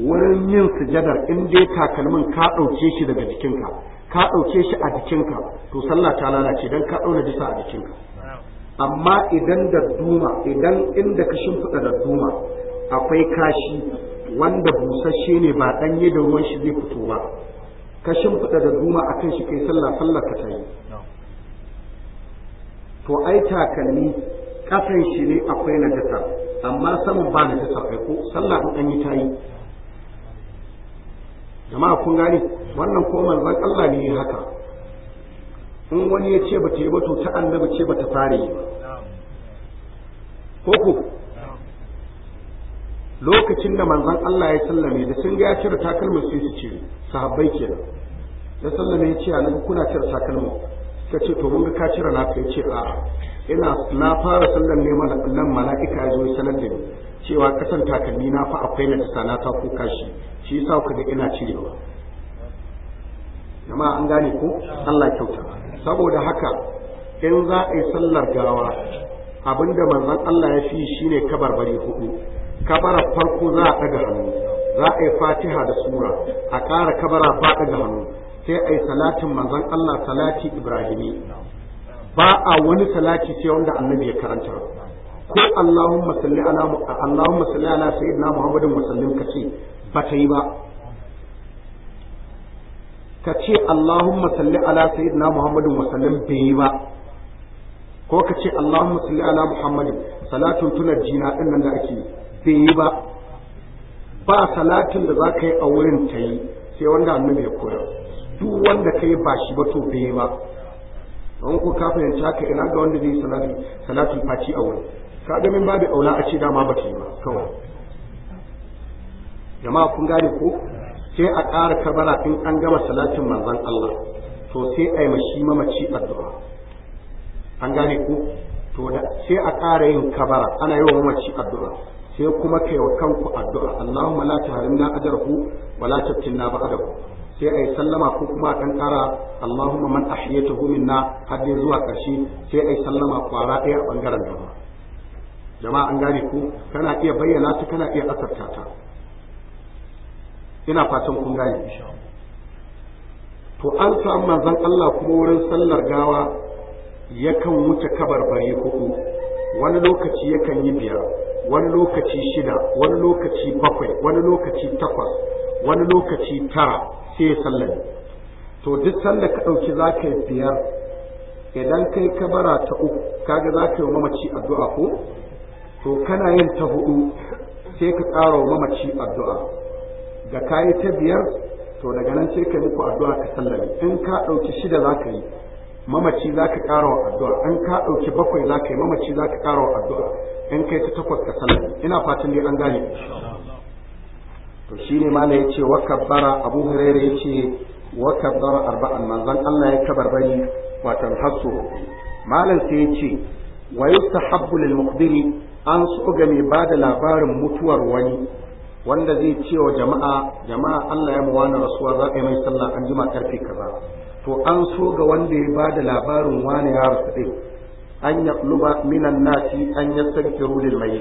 wurin yin sujadar in dai takalmin ka ɗauke shi daga jikinka ka ɗauke shi a jikinka to sallah ta lalace dan ka ɗauna jisa a jikinka amma idan da duma idan inda ka shimfiɗa da duma akwai kashi wanda busasshe ne ba ɗanye da ruwan shi zai fito ba ka shimfiɗa da duma akan kan shi kai sallah sallah ka ta yi to ai takalmi ƙasan shi ne akwai najasa amma saman ba najasa kai ko sallah ɗan ɗanyi ta yi jama'a kun gane wannan ko manzon Allah ne haka in wani ya ce ba ta yi ba to ta annabi ce ba ta fare ba ko ko lokacin da manzon Allah ya sallame da sun ga ya cire takalmin sai su ce sahabbai kenan da sallame ya ce a kuna cire takalmin suka ce to mun ga ka cire na ka ce a ina na fara sallan ne nan mala'ika ya zo ya sanar da ni cewa kasan takalmi na fa akwai na tsana ta ko kashi shi yasa ku ga ina cirewa jama'a an gane ko Allah kyauta saboda haka in za a yi sallar gawa abinda manzon Allah ya fi shine bari hudu kabara farko za a ɗaga hannu za a yi fatiha da sura a ƙara kabara ba ɗaga hannu sai a yi salatin manzon Allah salati ibrahimi ba a wani salati sai wanda annabi ya karanta ko Allahumma salli ala Allahumma salli ala sayyidina Muhammadin wa sallim kace ba ta yi ba ka ce Allahumma salli ala sayyidina Muhammadin wa sallim bai yi ba ko ka ce Allahumma salli ala Muhammadin salatun jina din nan da ake yi bai yi ba ba salatin da za ka yi a wurin ta yi sai wanda annabi ya koya duk wanda ka yi ba shi ba to bai yi ba don ku ka fahimci haka ina ga wanda zai yi salatin faci a wurin ka ga min babu aula a ce dama ba ta yi ba kawai jama'a kun gane ko sai a ƙara kabara in an gama salatin manzon Allah to sai a yi mashi mamaci addu'a an gane ko to da sai a ƙara yin kabara ana yi wa mamaci addu'a sai kuma kai wa kanku addu'a Allahumma la tahrimna ajrahu wa la taftinna ba'dahu sai ai sallama ko kuma kan kara Allahumma man ahyaytahu minna har zuwa karshe sai ai sallama kwara daya a bangaren gaba jama'a an gane ku kana iya bayyana ta kana iya asarta ta ina fatan kun gane insha to an samu manzon Allah kuma wurin sallar gawa yakan wuce kabarbare hudu wani lokaci yakan yi biyar wani lokaci shida wani lokaci bakwai wani lokaci takwas wani lokaci tara sai ya to duk sallar ka ɗauki za ka biyar idan kai kabara ta uku kaga za ka yi mamaci addu'a ko to kana yin ta hudu sai ka ƙara wa mamaci addu'a ga kayi ta biyar to daga nan sai ka muku addu'a ka sallar in ka ɗauki shida za ka yi mamaci za ka ƙara wa addu'a in ka ɗauki bakwai za ka yi mamaci za ka ƙara wa addu'a in kai ta takwas ka sallah ina fatan dai an gane to shi ne mala ya ce wa kabbara abu hurairu ya ce wa kabbara arba'an manzan Allah ya kabar bari watan hasso malam sai ya ce wa yustahabbu lil muqdiri an so ga mai ba da labarin mutuwar wani wanda zai ce wa jama'a jama'a Allah ya mu rasuwa za a yi mai sallah an jima karfe kaza to an so ga wanda ya bada labarin wani ya rasu ɗin an ya luba minan nasi an ya san rudin mai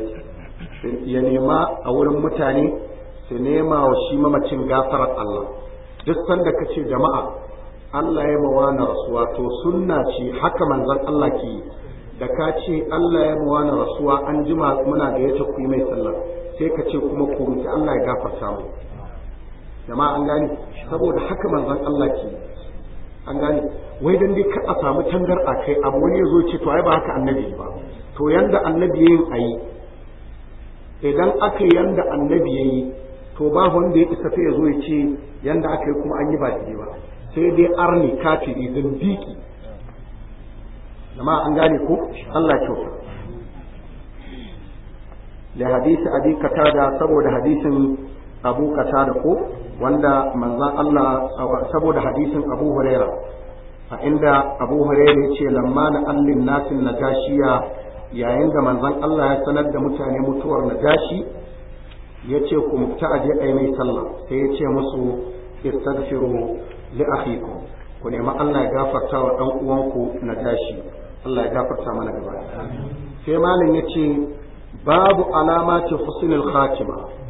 ya nema a wurin mutane su nema wa shi mamacin gafarar Allah duk sanda ka ce jama'a Allah ya mawana rasuwa to sunna ce haka manzon Allah ke da ka ce Allah ya mawana rasuwa an jima muna da yace ku mai sallah sai ka ce kuma ku Allah ya gafarta mu jama'a an gane saboda haka manzon Allah ke an gane wai dan dai a samu tangar a kai abu wani ya zo ce to ai ba haka annabi ba to yanda annabi yayin ayi idan aka yanda annabi yayi to ba wanda ya isa sai ya zo ya ce yanda aka yi kuma an yi ba daidai ba sai dai arni idan biki amma an gane ko Allah ya kyauta da hadisi abi katada saboda hadisin abu kata da ko wanda manzan Allah saboda hadisin abu huraira a inda abu huraira ya ce lamma na allin nasin najashiya yayin da manzan Allah ya sanar da mutane mutuwar najashi ya ce ku mukta aje a mai sallah sai ya ce musu istaghfiru li akhikum ku nemi Allah ya gafarta wa dan uwanku najashi Allah ya gafarta mana gaba sai malin ya ce babu alamati husnul khatima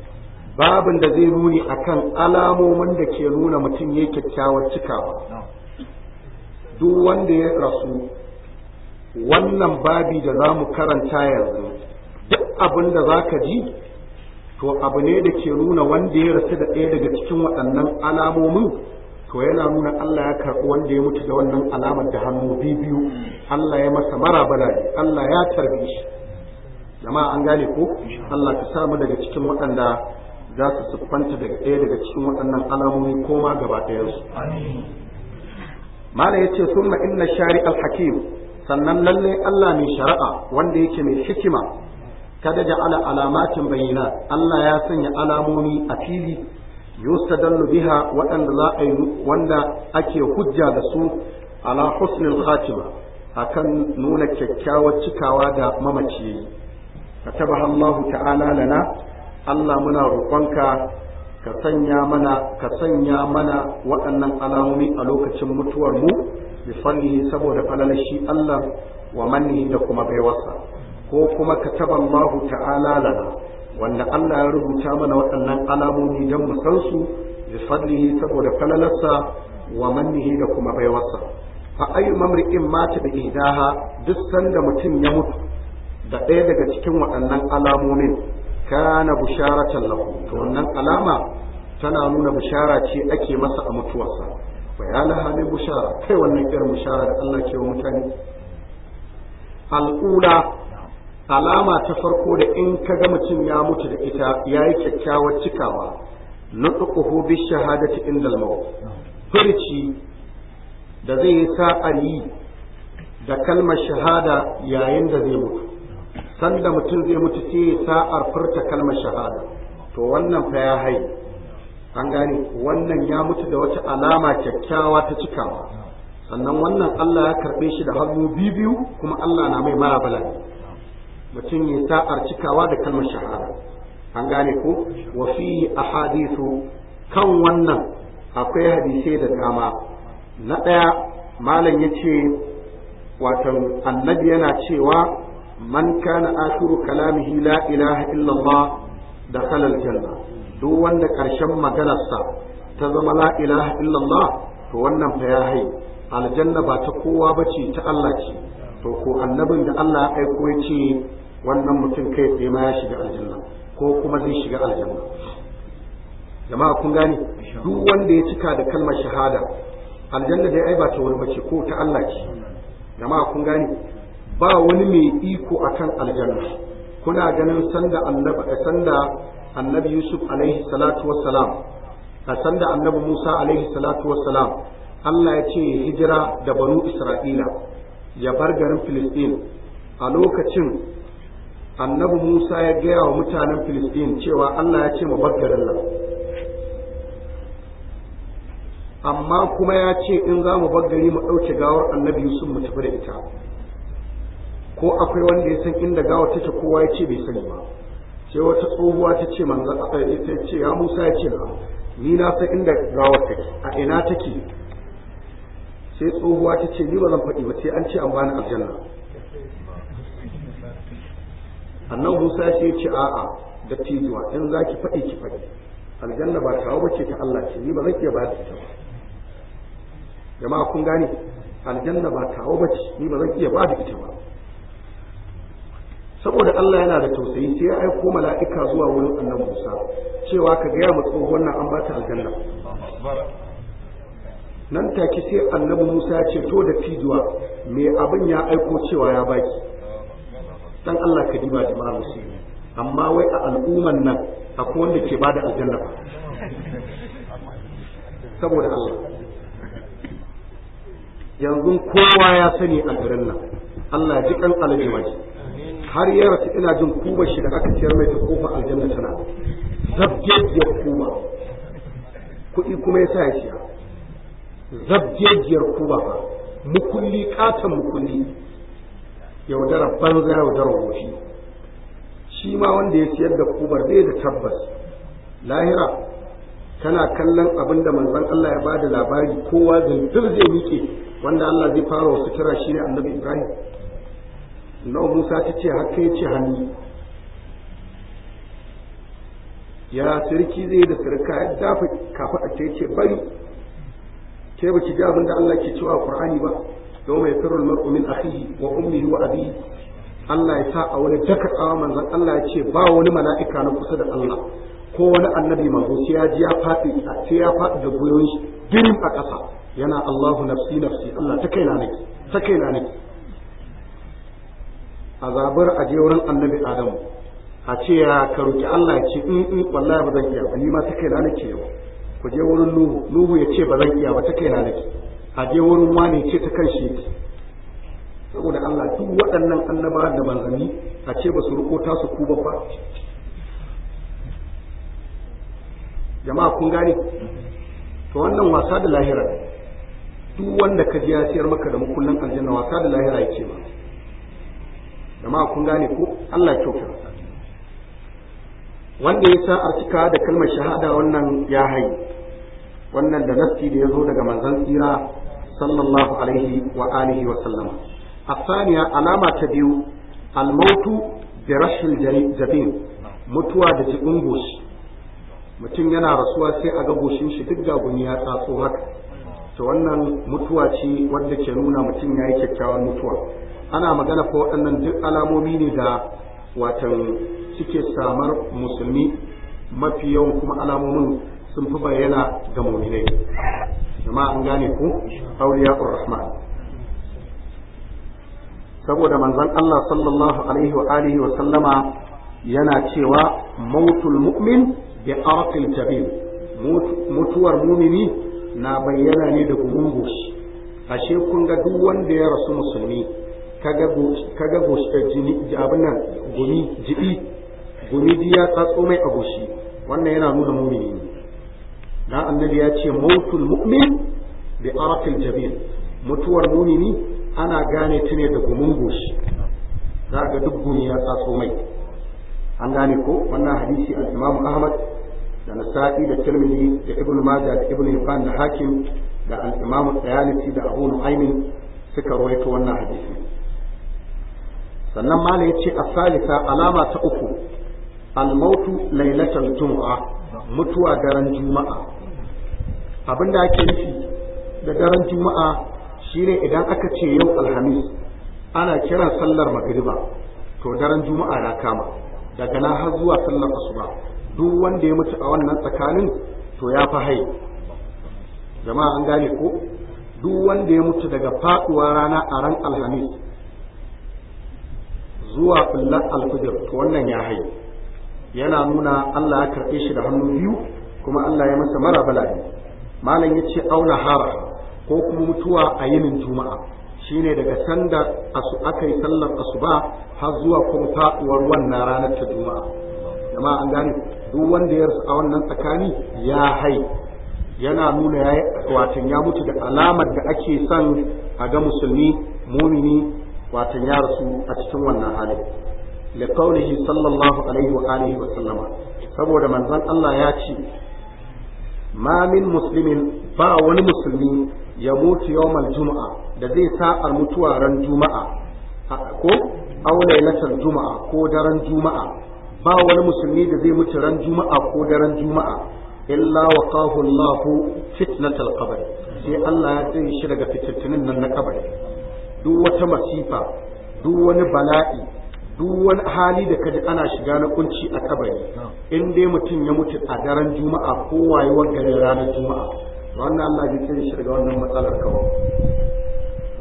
babin da zai nuni akan alamomin da ke nuna mutum ya yi kyakkyawar cikawa duk wanda ya rasu wannan babi da za mu karanta yanzu duk abin da za ka ji to abu ne da ke nuna wanda ya rasu da ɗaya daga cikin waɗannan alamomin to yana nuna Allah ya karɓi wanda ya mutu da wannan alamar da hannu biyu Allah ya masa mara bala Allah ya tarbe shi jama'a an gane ko Allah ka samu daga cikin waɗanda za su siffanta daga ɗaya daga cikin waɗannan alamomi ko ma gaba ɗayansu mala yace summa inna shari al-hakim sannan lalle Allah mai shari'a wanda yake mai hikima kada ala alamatin bayyana Allah ya sanya alamomi a fili yustadallu biha waɗanda za a yi wanda ake hujja da su ala husnil khatima akan nuna kyakkyawar cikawa da mamaci Ka katabaha Allah ta'ala lana Allah muna roƙonka ka sanya mana ka sanya mana waɗannan alamomi a lokacin mutuwar mu bi fadlihi saboda falalashi Allah wa manni da kuma baiwarsa ko kuma ka taba Allahu ta'ala lana wanda Allah ya rubuta mana waɗannan alamomi don mu san su bi saboda falalarsa wa manni da kuma baiwarsa fa ayu mamri'in mata da idaha duk sanda mutum ya mutu da ɗaya daga cikin waɗannan alamomin kana bisharatan lahu to wannan alama tana nuna bishara ce ake masa a mutuwarsa laha halin bishara kai wannan irin bishara da Allah ke wa mutane al'ula alama ta farko da in ka ga mutum ya mutu da ita ya yi kyakkyawar cikawa na tsukuhu bi shahadati inda al Furuci da zai yi sa'ar yi da kalmar shahada yayin da zai mutu sanda mutum zai mutu sai sa'ar furta kalmar shahada to wannan fa ya hai an gane wannan ya mutu da wata alama kyakkyawa ta cikawa sannan wannan Allah ya karbe shi da hannu biyu kuma Allah na mai marabala mutum ya sa'ar cikawa da kalmar shahada an gane ko wa fi ahadithu kan wannan akwai hadisai da dama na ɗaya malam yace ce watan annabi yana cewa man kana akhiru kalamihi la ilaha illallah da halal janna duk wanda karshen maganarsa ta zama la ilaha illallah to wannan fa ya hai aljanna ba ta kowa bace ta Allah ce to ko annabin da Allah ya aiko ya ce wannan mutum kai tsaye ma ya shiga aljanna ko kuma zai shiga aljanna jama'a kun gane duk wanda ya cika da kalmar shahada aljanna dai ai ba ta wani bace ko ta Allah ce jama'a kun gane ba wani mai iko akan aljanna kuna ganin sanda annabi sanda annabi yusuf alaihi salatu wassalam a sanda annabi musa alaihi salatu wassalam Allah ya ce hijira da banu isra'ila ya bar garin filistin a lokacin annabi musa ya gaya wa mutanen filistin cewa Allah ya ce mu bar garin nan amma kuma ya ce in za mu bar gari mu ɗauke gawar annabi yusuf mu tafi da ita ko akwai wanda ya san inda gawa take kowa ya ce bai sani ba sai wata tsohuwa ta ce manzo ta ce ya Musa ya ce ni na san inda gawa take a ina take sai tsohuwa ta ce ni ba zan faɗi ba sai an ce an bani aljanna annan Musa ya ce a'a da tijuwa in za ki faɗi ki faɗi aljanna ba tawo ba ce ta Allah ce ni ba zan iya ba da ita ba jama'a kun gane aljanna ba tawo ba ce ni ba zan iya ba da ita ba saboda Allah yana da tausayi sai ya aiko mala'ika zuwa wurin annabi Musa cewa ka gaya mu tsohon wannan an ba ta aljanna nan take sai annabi Musa ya ce to da fijuwa me abin ya aiko cewa ya baki dan Allah ka diba jama'ar musu amma wai a al'umman nan akwai wanda ke bada aljanna saboda Allah yanzu kowa ya sani a garin nan Allah ji kan waje har ya rasu ina jin kubar shi da aka ciyar mai ta kofar aljanna tana ya kuba kuɗi kuma ya sa ya siya zabjejiyar kuba fa mukulli katon mukulli yaudara banza yaudara goshi shi ma wanda ya siyar da kubar zai da tabbas lahira kana kallon abin da manzon Allah ya bada labari kowa zai zai miƙe wanda Allah zai fara wasu kira shi ne annabi Ibrahim na musa ta ce haka ya ce hannu ya sarki zai da sarka ya dafa kafa a ce ce bari ke ba ki ga abin da Allah ke cewa Qur'ani ba don mai firul mar'u min akhihi wa ummihi wa abihi Allah ya sa a wani takardawa manzon Allah ya ce ba wani mala'ika na kusa da Allah ko wani annabi manzo sai ya ji ya fadi sai ya fadi da goyon shi dirin a kasa yana Allahu nafsi nafsi Allah ta kaina ne ta kaina ne a zabar a je wurin annabi adamu a ce ya ka roki Allah ya ce in mm, in mm, wallahi ba zan iya ba ni ma ta kai na nake yawa ku je wurin nuhu nuhu ya ce ba zan iya ba ta kai na nake a je wurin wani ce ta kan shi saboda Allah duk waɗannan annaba da manzanni a ce ba su riko ta su kuba ba jama'a kun gane to wannan wasa da lahira duk wanda ka ji ya siyar maka da mukullin aljanna wasa da lahira yake ba jama'a kun gane ko Allah kyauta wanda ya sa cika da kalmar shahada wannan ya hayi wannan da nasti da ya zo daga manzon tsira sallallahu alaihi wa alihi wa sallama ta biyu almautu da rashin jabin mutuwa da jibin goshi mutum yana rasuwa sai a ga goshin shi duk gaguni ya tsatso haka to wannan mutuwa ce wadda ke nuna mutum ya yi kyakkyawan mutuwa ana magana ko waɗannan duk alamomi ne da watan suke samar musulmi mafi yawan kuma alamomin sun fi bayyana ga muminai jama'a an gane ku auliya rahman saboda manzon Allah sallallahu alaihi wa alihi wa sallama yana cewa mautul mu'min bi arqil jabin mutuwar mumini na bayyana ne da gungun ashe kun ga duk wanda ya rasu musulmi kaga goshi eh, abin nan gumi jibi gumi ya tsatso mai a goshi wannan yana nuna mumini ne dan annabi ya ce mautul mu'min bi arqil jabin mutuwar mumini ana gane ta ne da gumin goshi za ga duk gumi ya tsatso mai an gane ko wannan hadisi al-Imam Ahmad da Nasa'i da Tirmidhi da Ibn Majah da Ibn Hibban da Hakim da al-Imam Tayalisi da Abu Nu'aym suka rawaito wannan hadisi sannan mala yace asalisa alama ta uku almautu lailatul Juma'a mutuwa daren juma'a Abin abinda ake nufi da daren juma'a shine idan aka ce yau alhamis ana kiran sallar magriba to daren juma'a na kama daga nan har zuwa sallar asuba duk wanda ya mutu a wannan tsakanin to ya fi hai jama'a an gane ko duk wanda ya mutu daga faɗuwa rana a ran alhamis zuwa kullar alfijir to wannan ya haye yana nuna Allah ya karɓe shi da hannu biyu kuma Allah ya masa mara bala'i malam ya ce auna hara ko kuma mutuwa a yinin juma'a shine daga sanda asu aka yi sallar asuba har zuwa kuma faɗuwar wannan ranar ta juma'a jama'a an gane duk wanda ya a wannan tsakani ya hai yana nuna ya watan ya mutu da alamar da ake son a ga musulmi mumini watan ya rasu a cikin wannan halin da kaunihi sallallahu alaihi wa alihi wa sallama saboda manzon Allah ya ce ma min muslimin ba wani musulmi ya mutu yawmal juma'a da zai sa'ar mutuwa ran juma'a ko aw juma'a ko daren juma'a ba wani musulmi da zai mutu ran juma'a ko daren juma'a illa wa qahu Allahu fitnatul qabr sai Allah ya tsare shi daga fitattunin nan na kabari duk wata masifa duk wani bala'i duk wani hali da kaji ana shiga na kunci a kabari in dai mutum ya mutu a daren juma'a ko wayewar garin ranar juma'a wannan Allah ya kiyaye shi daga wannan matsalar kawai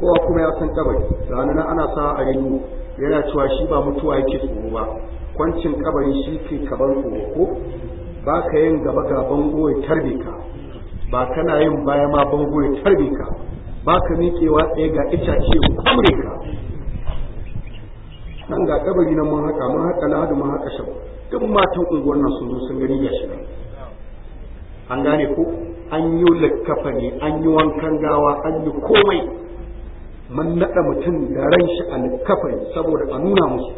kowa kuma ya san kabari ranar ana sa a yi yana cewa shi ba mutuwa yake tsoro ba kwancin kabari shi ke kaban tsoro ko ba ka yin gaba ga bango ya tarbe ka ba kana yin baya ma bango ya tarbe ka ba ka miƙewa tsaye ga itace kure ka nan ga kabari na mun haka mun haka lahadu mun haka shabu duk matan unguwar nan sun zo sun gani ya shi an gane ko an yi likkafa ne an yi wankan gawa an yi komai mun naɗa mutum da ran shi a ne saboda a nuna musu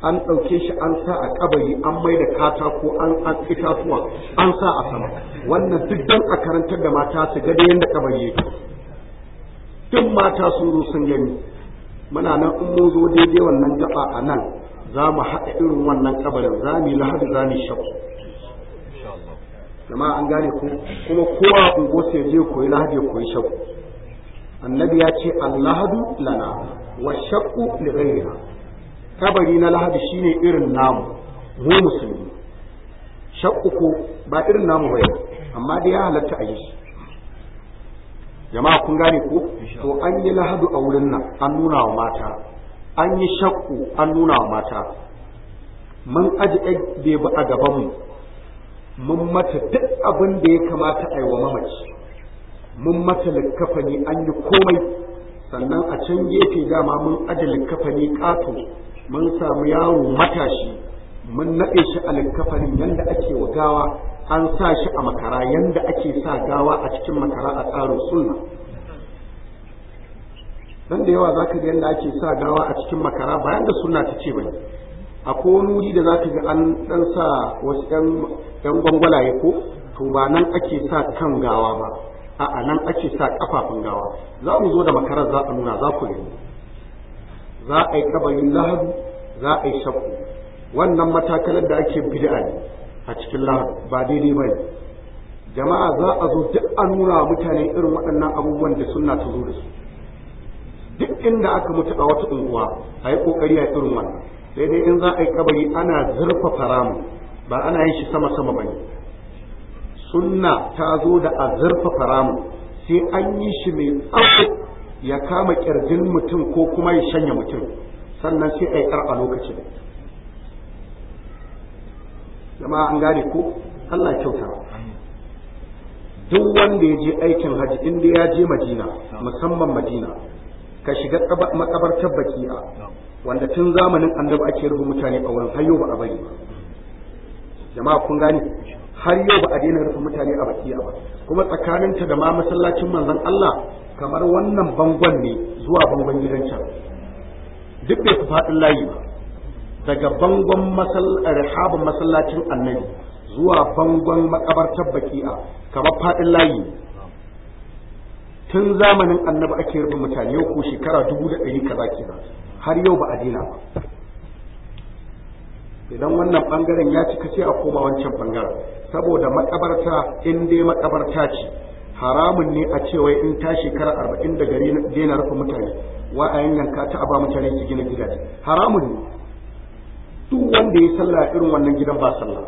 an ɗauke shi an sa a ƙabari, an mai da katako an an itatuwa an sa a sama wannan duk don a karantar da mata su ga da yadda kabari yake duk mata sun zo sun gani muna nan in mun zo daidai wannan gaba a nan za mu haɗa irin wannan kabarin za mu yi lahadi za mu yi shaku jama'a an gane ku kuma kowa ungo sai je koyi lahadi ya koyi shaku annabi ya ce allahadu lana wa shaku li ghairiha kabari na lahadi shine irin namu mu musulmi shakku ko ba irin namu ba amma dai ya halatta a yi shi jama'a kun gane ko to an yi lahadu a wurin nan an nuna wa mata an yi shakku an nuna wa mata mun aji ɗaya ba a mu mun mata duk abin da ya kamata a yi wa mamaci mun mata likafani an yi komai sannan a can gefe dama mun aji likafani ƙato mun samu yaro matashi mun naɗe shi a likkafanin yadda ake wa gawa an sa shi a makara yanda ake sa gawa a cikin makara a tsarin sunna dan da yawa zaka ga yanda ake sa gawa a cikin makara bayan da suna ta ce bane a wani wuri da zaka ga an dan sa wasu yan yan gwangwalaye ko to ba nan ake sa kan gawa ba a'a nan ake sa kafafun gawa za mu zo da makarar za a nuna za ku gani za a yi kabarin lahadu za a yi shakku wannan matakalar da ake bid'a ne a cikin lahar ba daidai ba jama'a za a zo duk a nuna mutane irin waɗannan abubuwan da suna ta zo da su duk inda aka mutu a wata unguwa a yi ƙoƙari a irin wannan sai dai in za a yi kabari ana zurfafa ramu ba ana yin shi sama-sama ba ne sunna ta zo da a zurfafa ramu sai an yi shi mai tsawo ya kama ƙirjin mutum ko kuma ya shanya mutum sannan sai a yi ƙar a lokacin jama'a an gane ko Allah kyauta duk wanda ya je aikin haji inda ya je madina musamman madina ka shiga makabartar baki'a wanda tun zamanin annabi ake rufe mutane a wurin har yau ba a bari ba jama'a kun gane har yau ba a daina rufe mutane a baki'a ba kuma tsakaninta da ma masallacin manzon Allah kamar wannan bangon ne zuwa bangon gidan can duk bai su faɗin layi ba daga bangon rihabin masallacin annabi zuwa bangon makabartar baki'a kamar faɗin layi tun zamanin annabi ake rufe mutane ko shekara dubu da ɗari kaza kenan har yau ba a dina ba idan wannan bangaren ya cika sai a koma wancan bangaren saboda makabarta in dai makabarta ce haramun ne a cewa in ta shekara arba'in da gari na rufe mutane wa a yanka ta a mutane su gina gidaje haramun ne duk wanda ya sallah irin wannan gidan ba sallah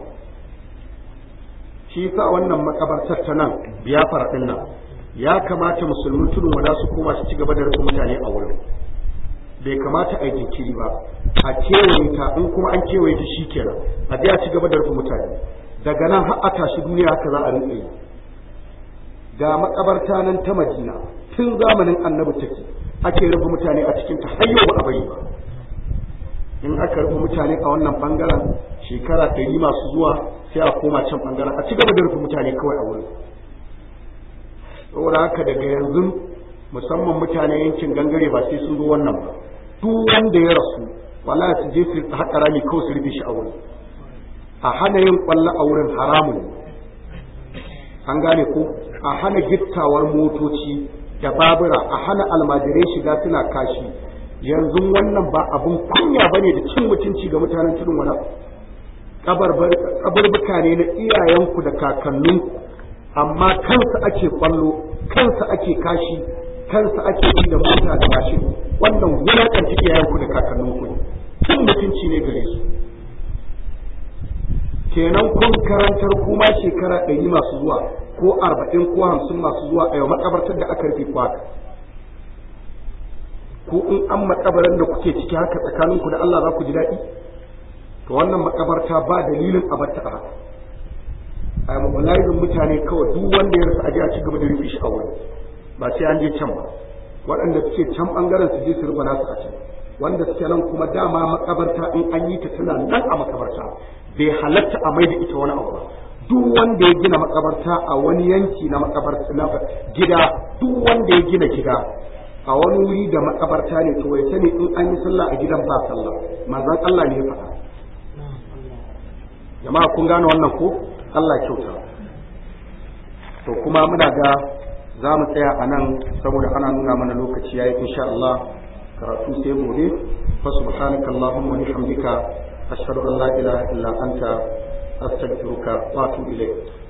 shi sa wannan makabartar ta nan biyafar din nan ya kamata musulmin tudun wada su koma su ci gaba da rufe mutane a wurin bai kamata a yi jinkiri ba a kewaye ta in kuma an kewaye ta shi kenan a biya ci gaba da rufe mutane daga nan har a tashi duniya haka za a rinƙa yi ga makabarta nan ta madina tun zamanin annabi take ake rufe mutane a cikin ta hayyo ba a bayi ba in aka rufe mutane a wannan bangaren shekara ɗari masu zuwa sai a koma can bangaren a cigaba da rufe mutane kawai a wurin saboda haka daga yanzu musamman mutane yankin gangare ba sai sun zo wannan ba duk wanda ya rasu wala su je su haƙa rami kawai su rufe shi a wurin a hana yin ƙwallo a wurin haramun an gane ko a hana gittawar motoci da babura a hana almajirai shiga suna kashi yanzu wannan ba abin kunya bane da cin mutunci ga mutanen tudun wani buka ne na iyayenku da kakanninku amma kansa ake kwallo kansa ake kashi kansa ake ci da mota da kashi wannan wulakanci iyayenku da kakanninku ne cin mutunci ne gare su kenan kun karantar kuma shekara ɗari masu zuwa ko arba'in ko hamsin masu zuwa a yau makabartar da aka rufe kwaka ko in an makabaran da kuke ciki haka ku da Allah za ku ji daɗi to wannan makabarta ba dalilin a barta a haka a mutane kawai duk wanda ya rasa aje a ci gaba da rufe shi a wurin ba sai an je can ba waɗanda suke can bangaren su je su rufe nasu a can wanda suke nan kuma dama makabarta in an yi ta tana nan a makabarta bai halatta a mai da ita wani abu ba duk wanda ya gina makabarta a wani yanki na makabarta na gida duk wanda ya gina gida a wani wuri da makabarta ne to ta ne in an yi sallah a gidan ba sallah manzon Allah ne ya faɗa jama'a kun gane wannan ko Allah kyauta to kuma muna ga za mu tsaya a nan saboda ana nuna mana lokaci yayi insha Allah karatu sai gobe fa subhanaka allahumma wa bihamdika ashhadu an la ilaha illa anta astaghfiruka wa atubu ilayk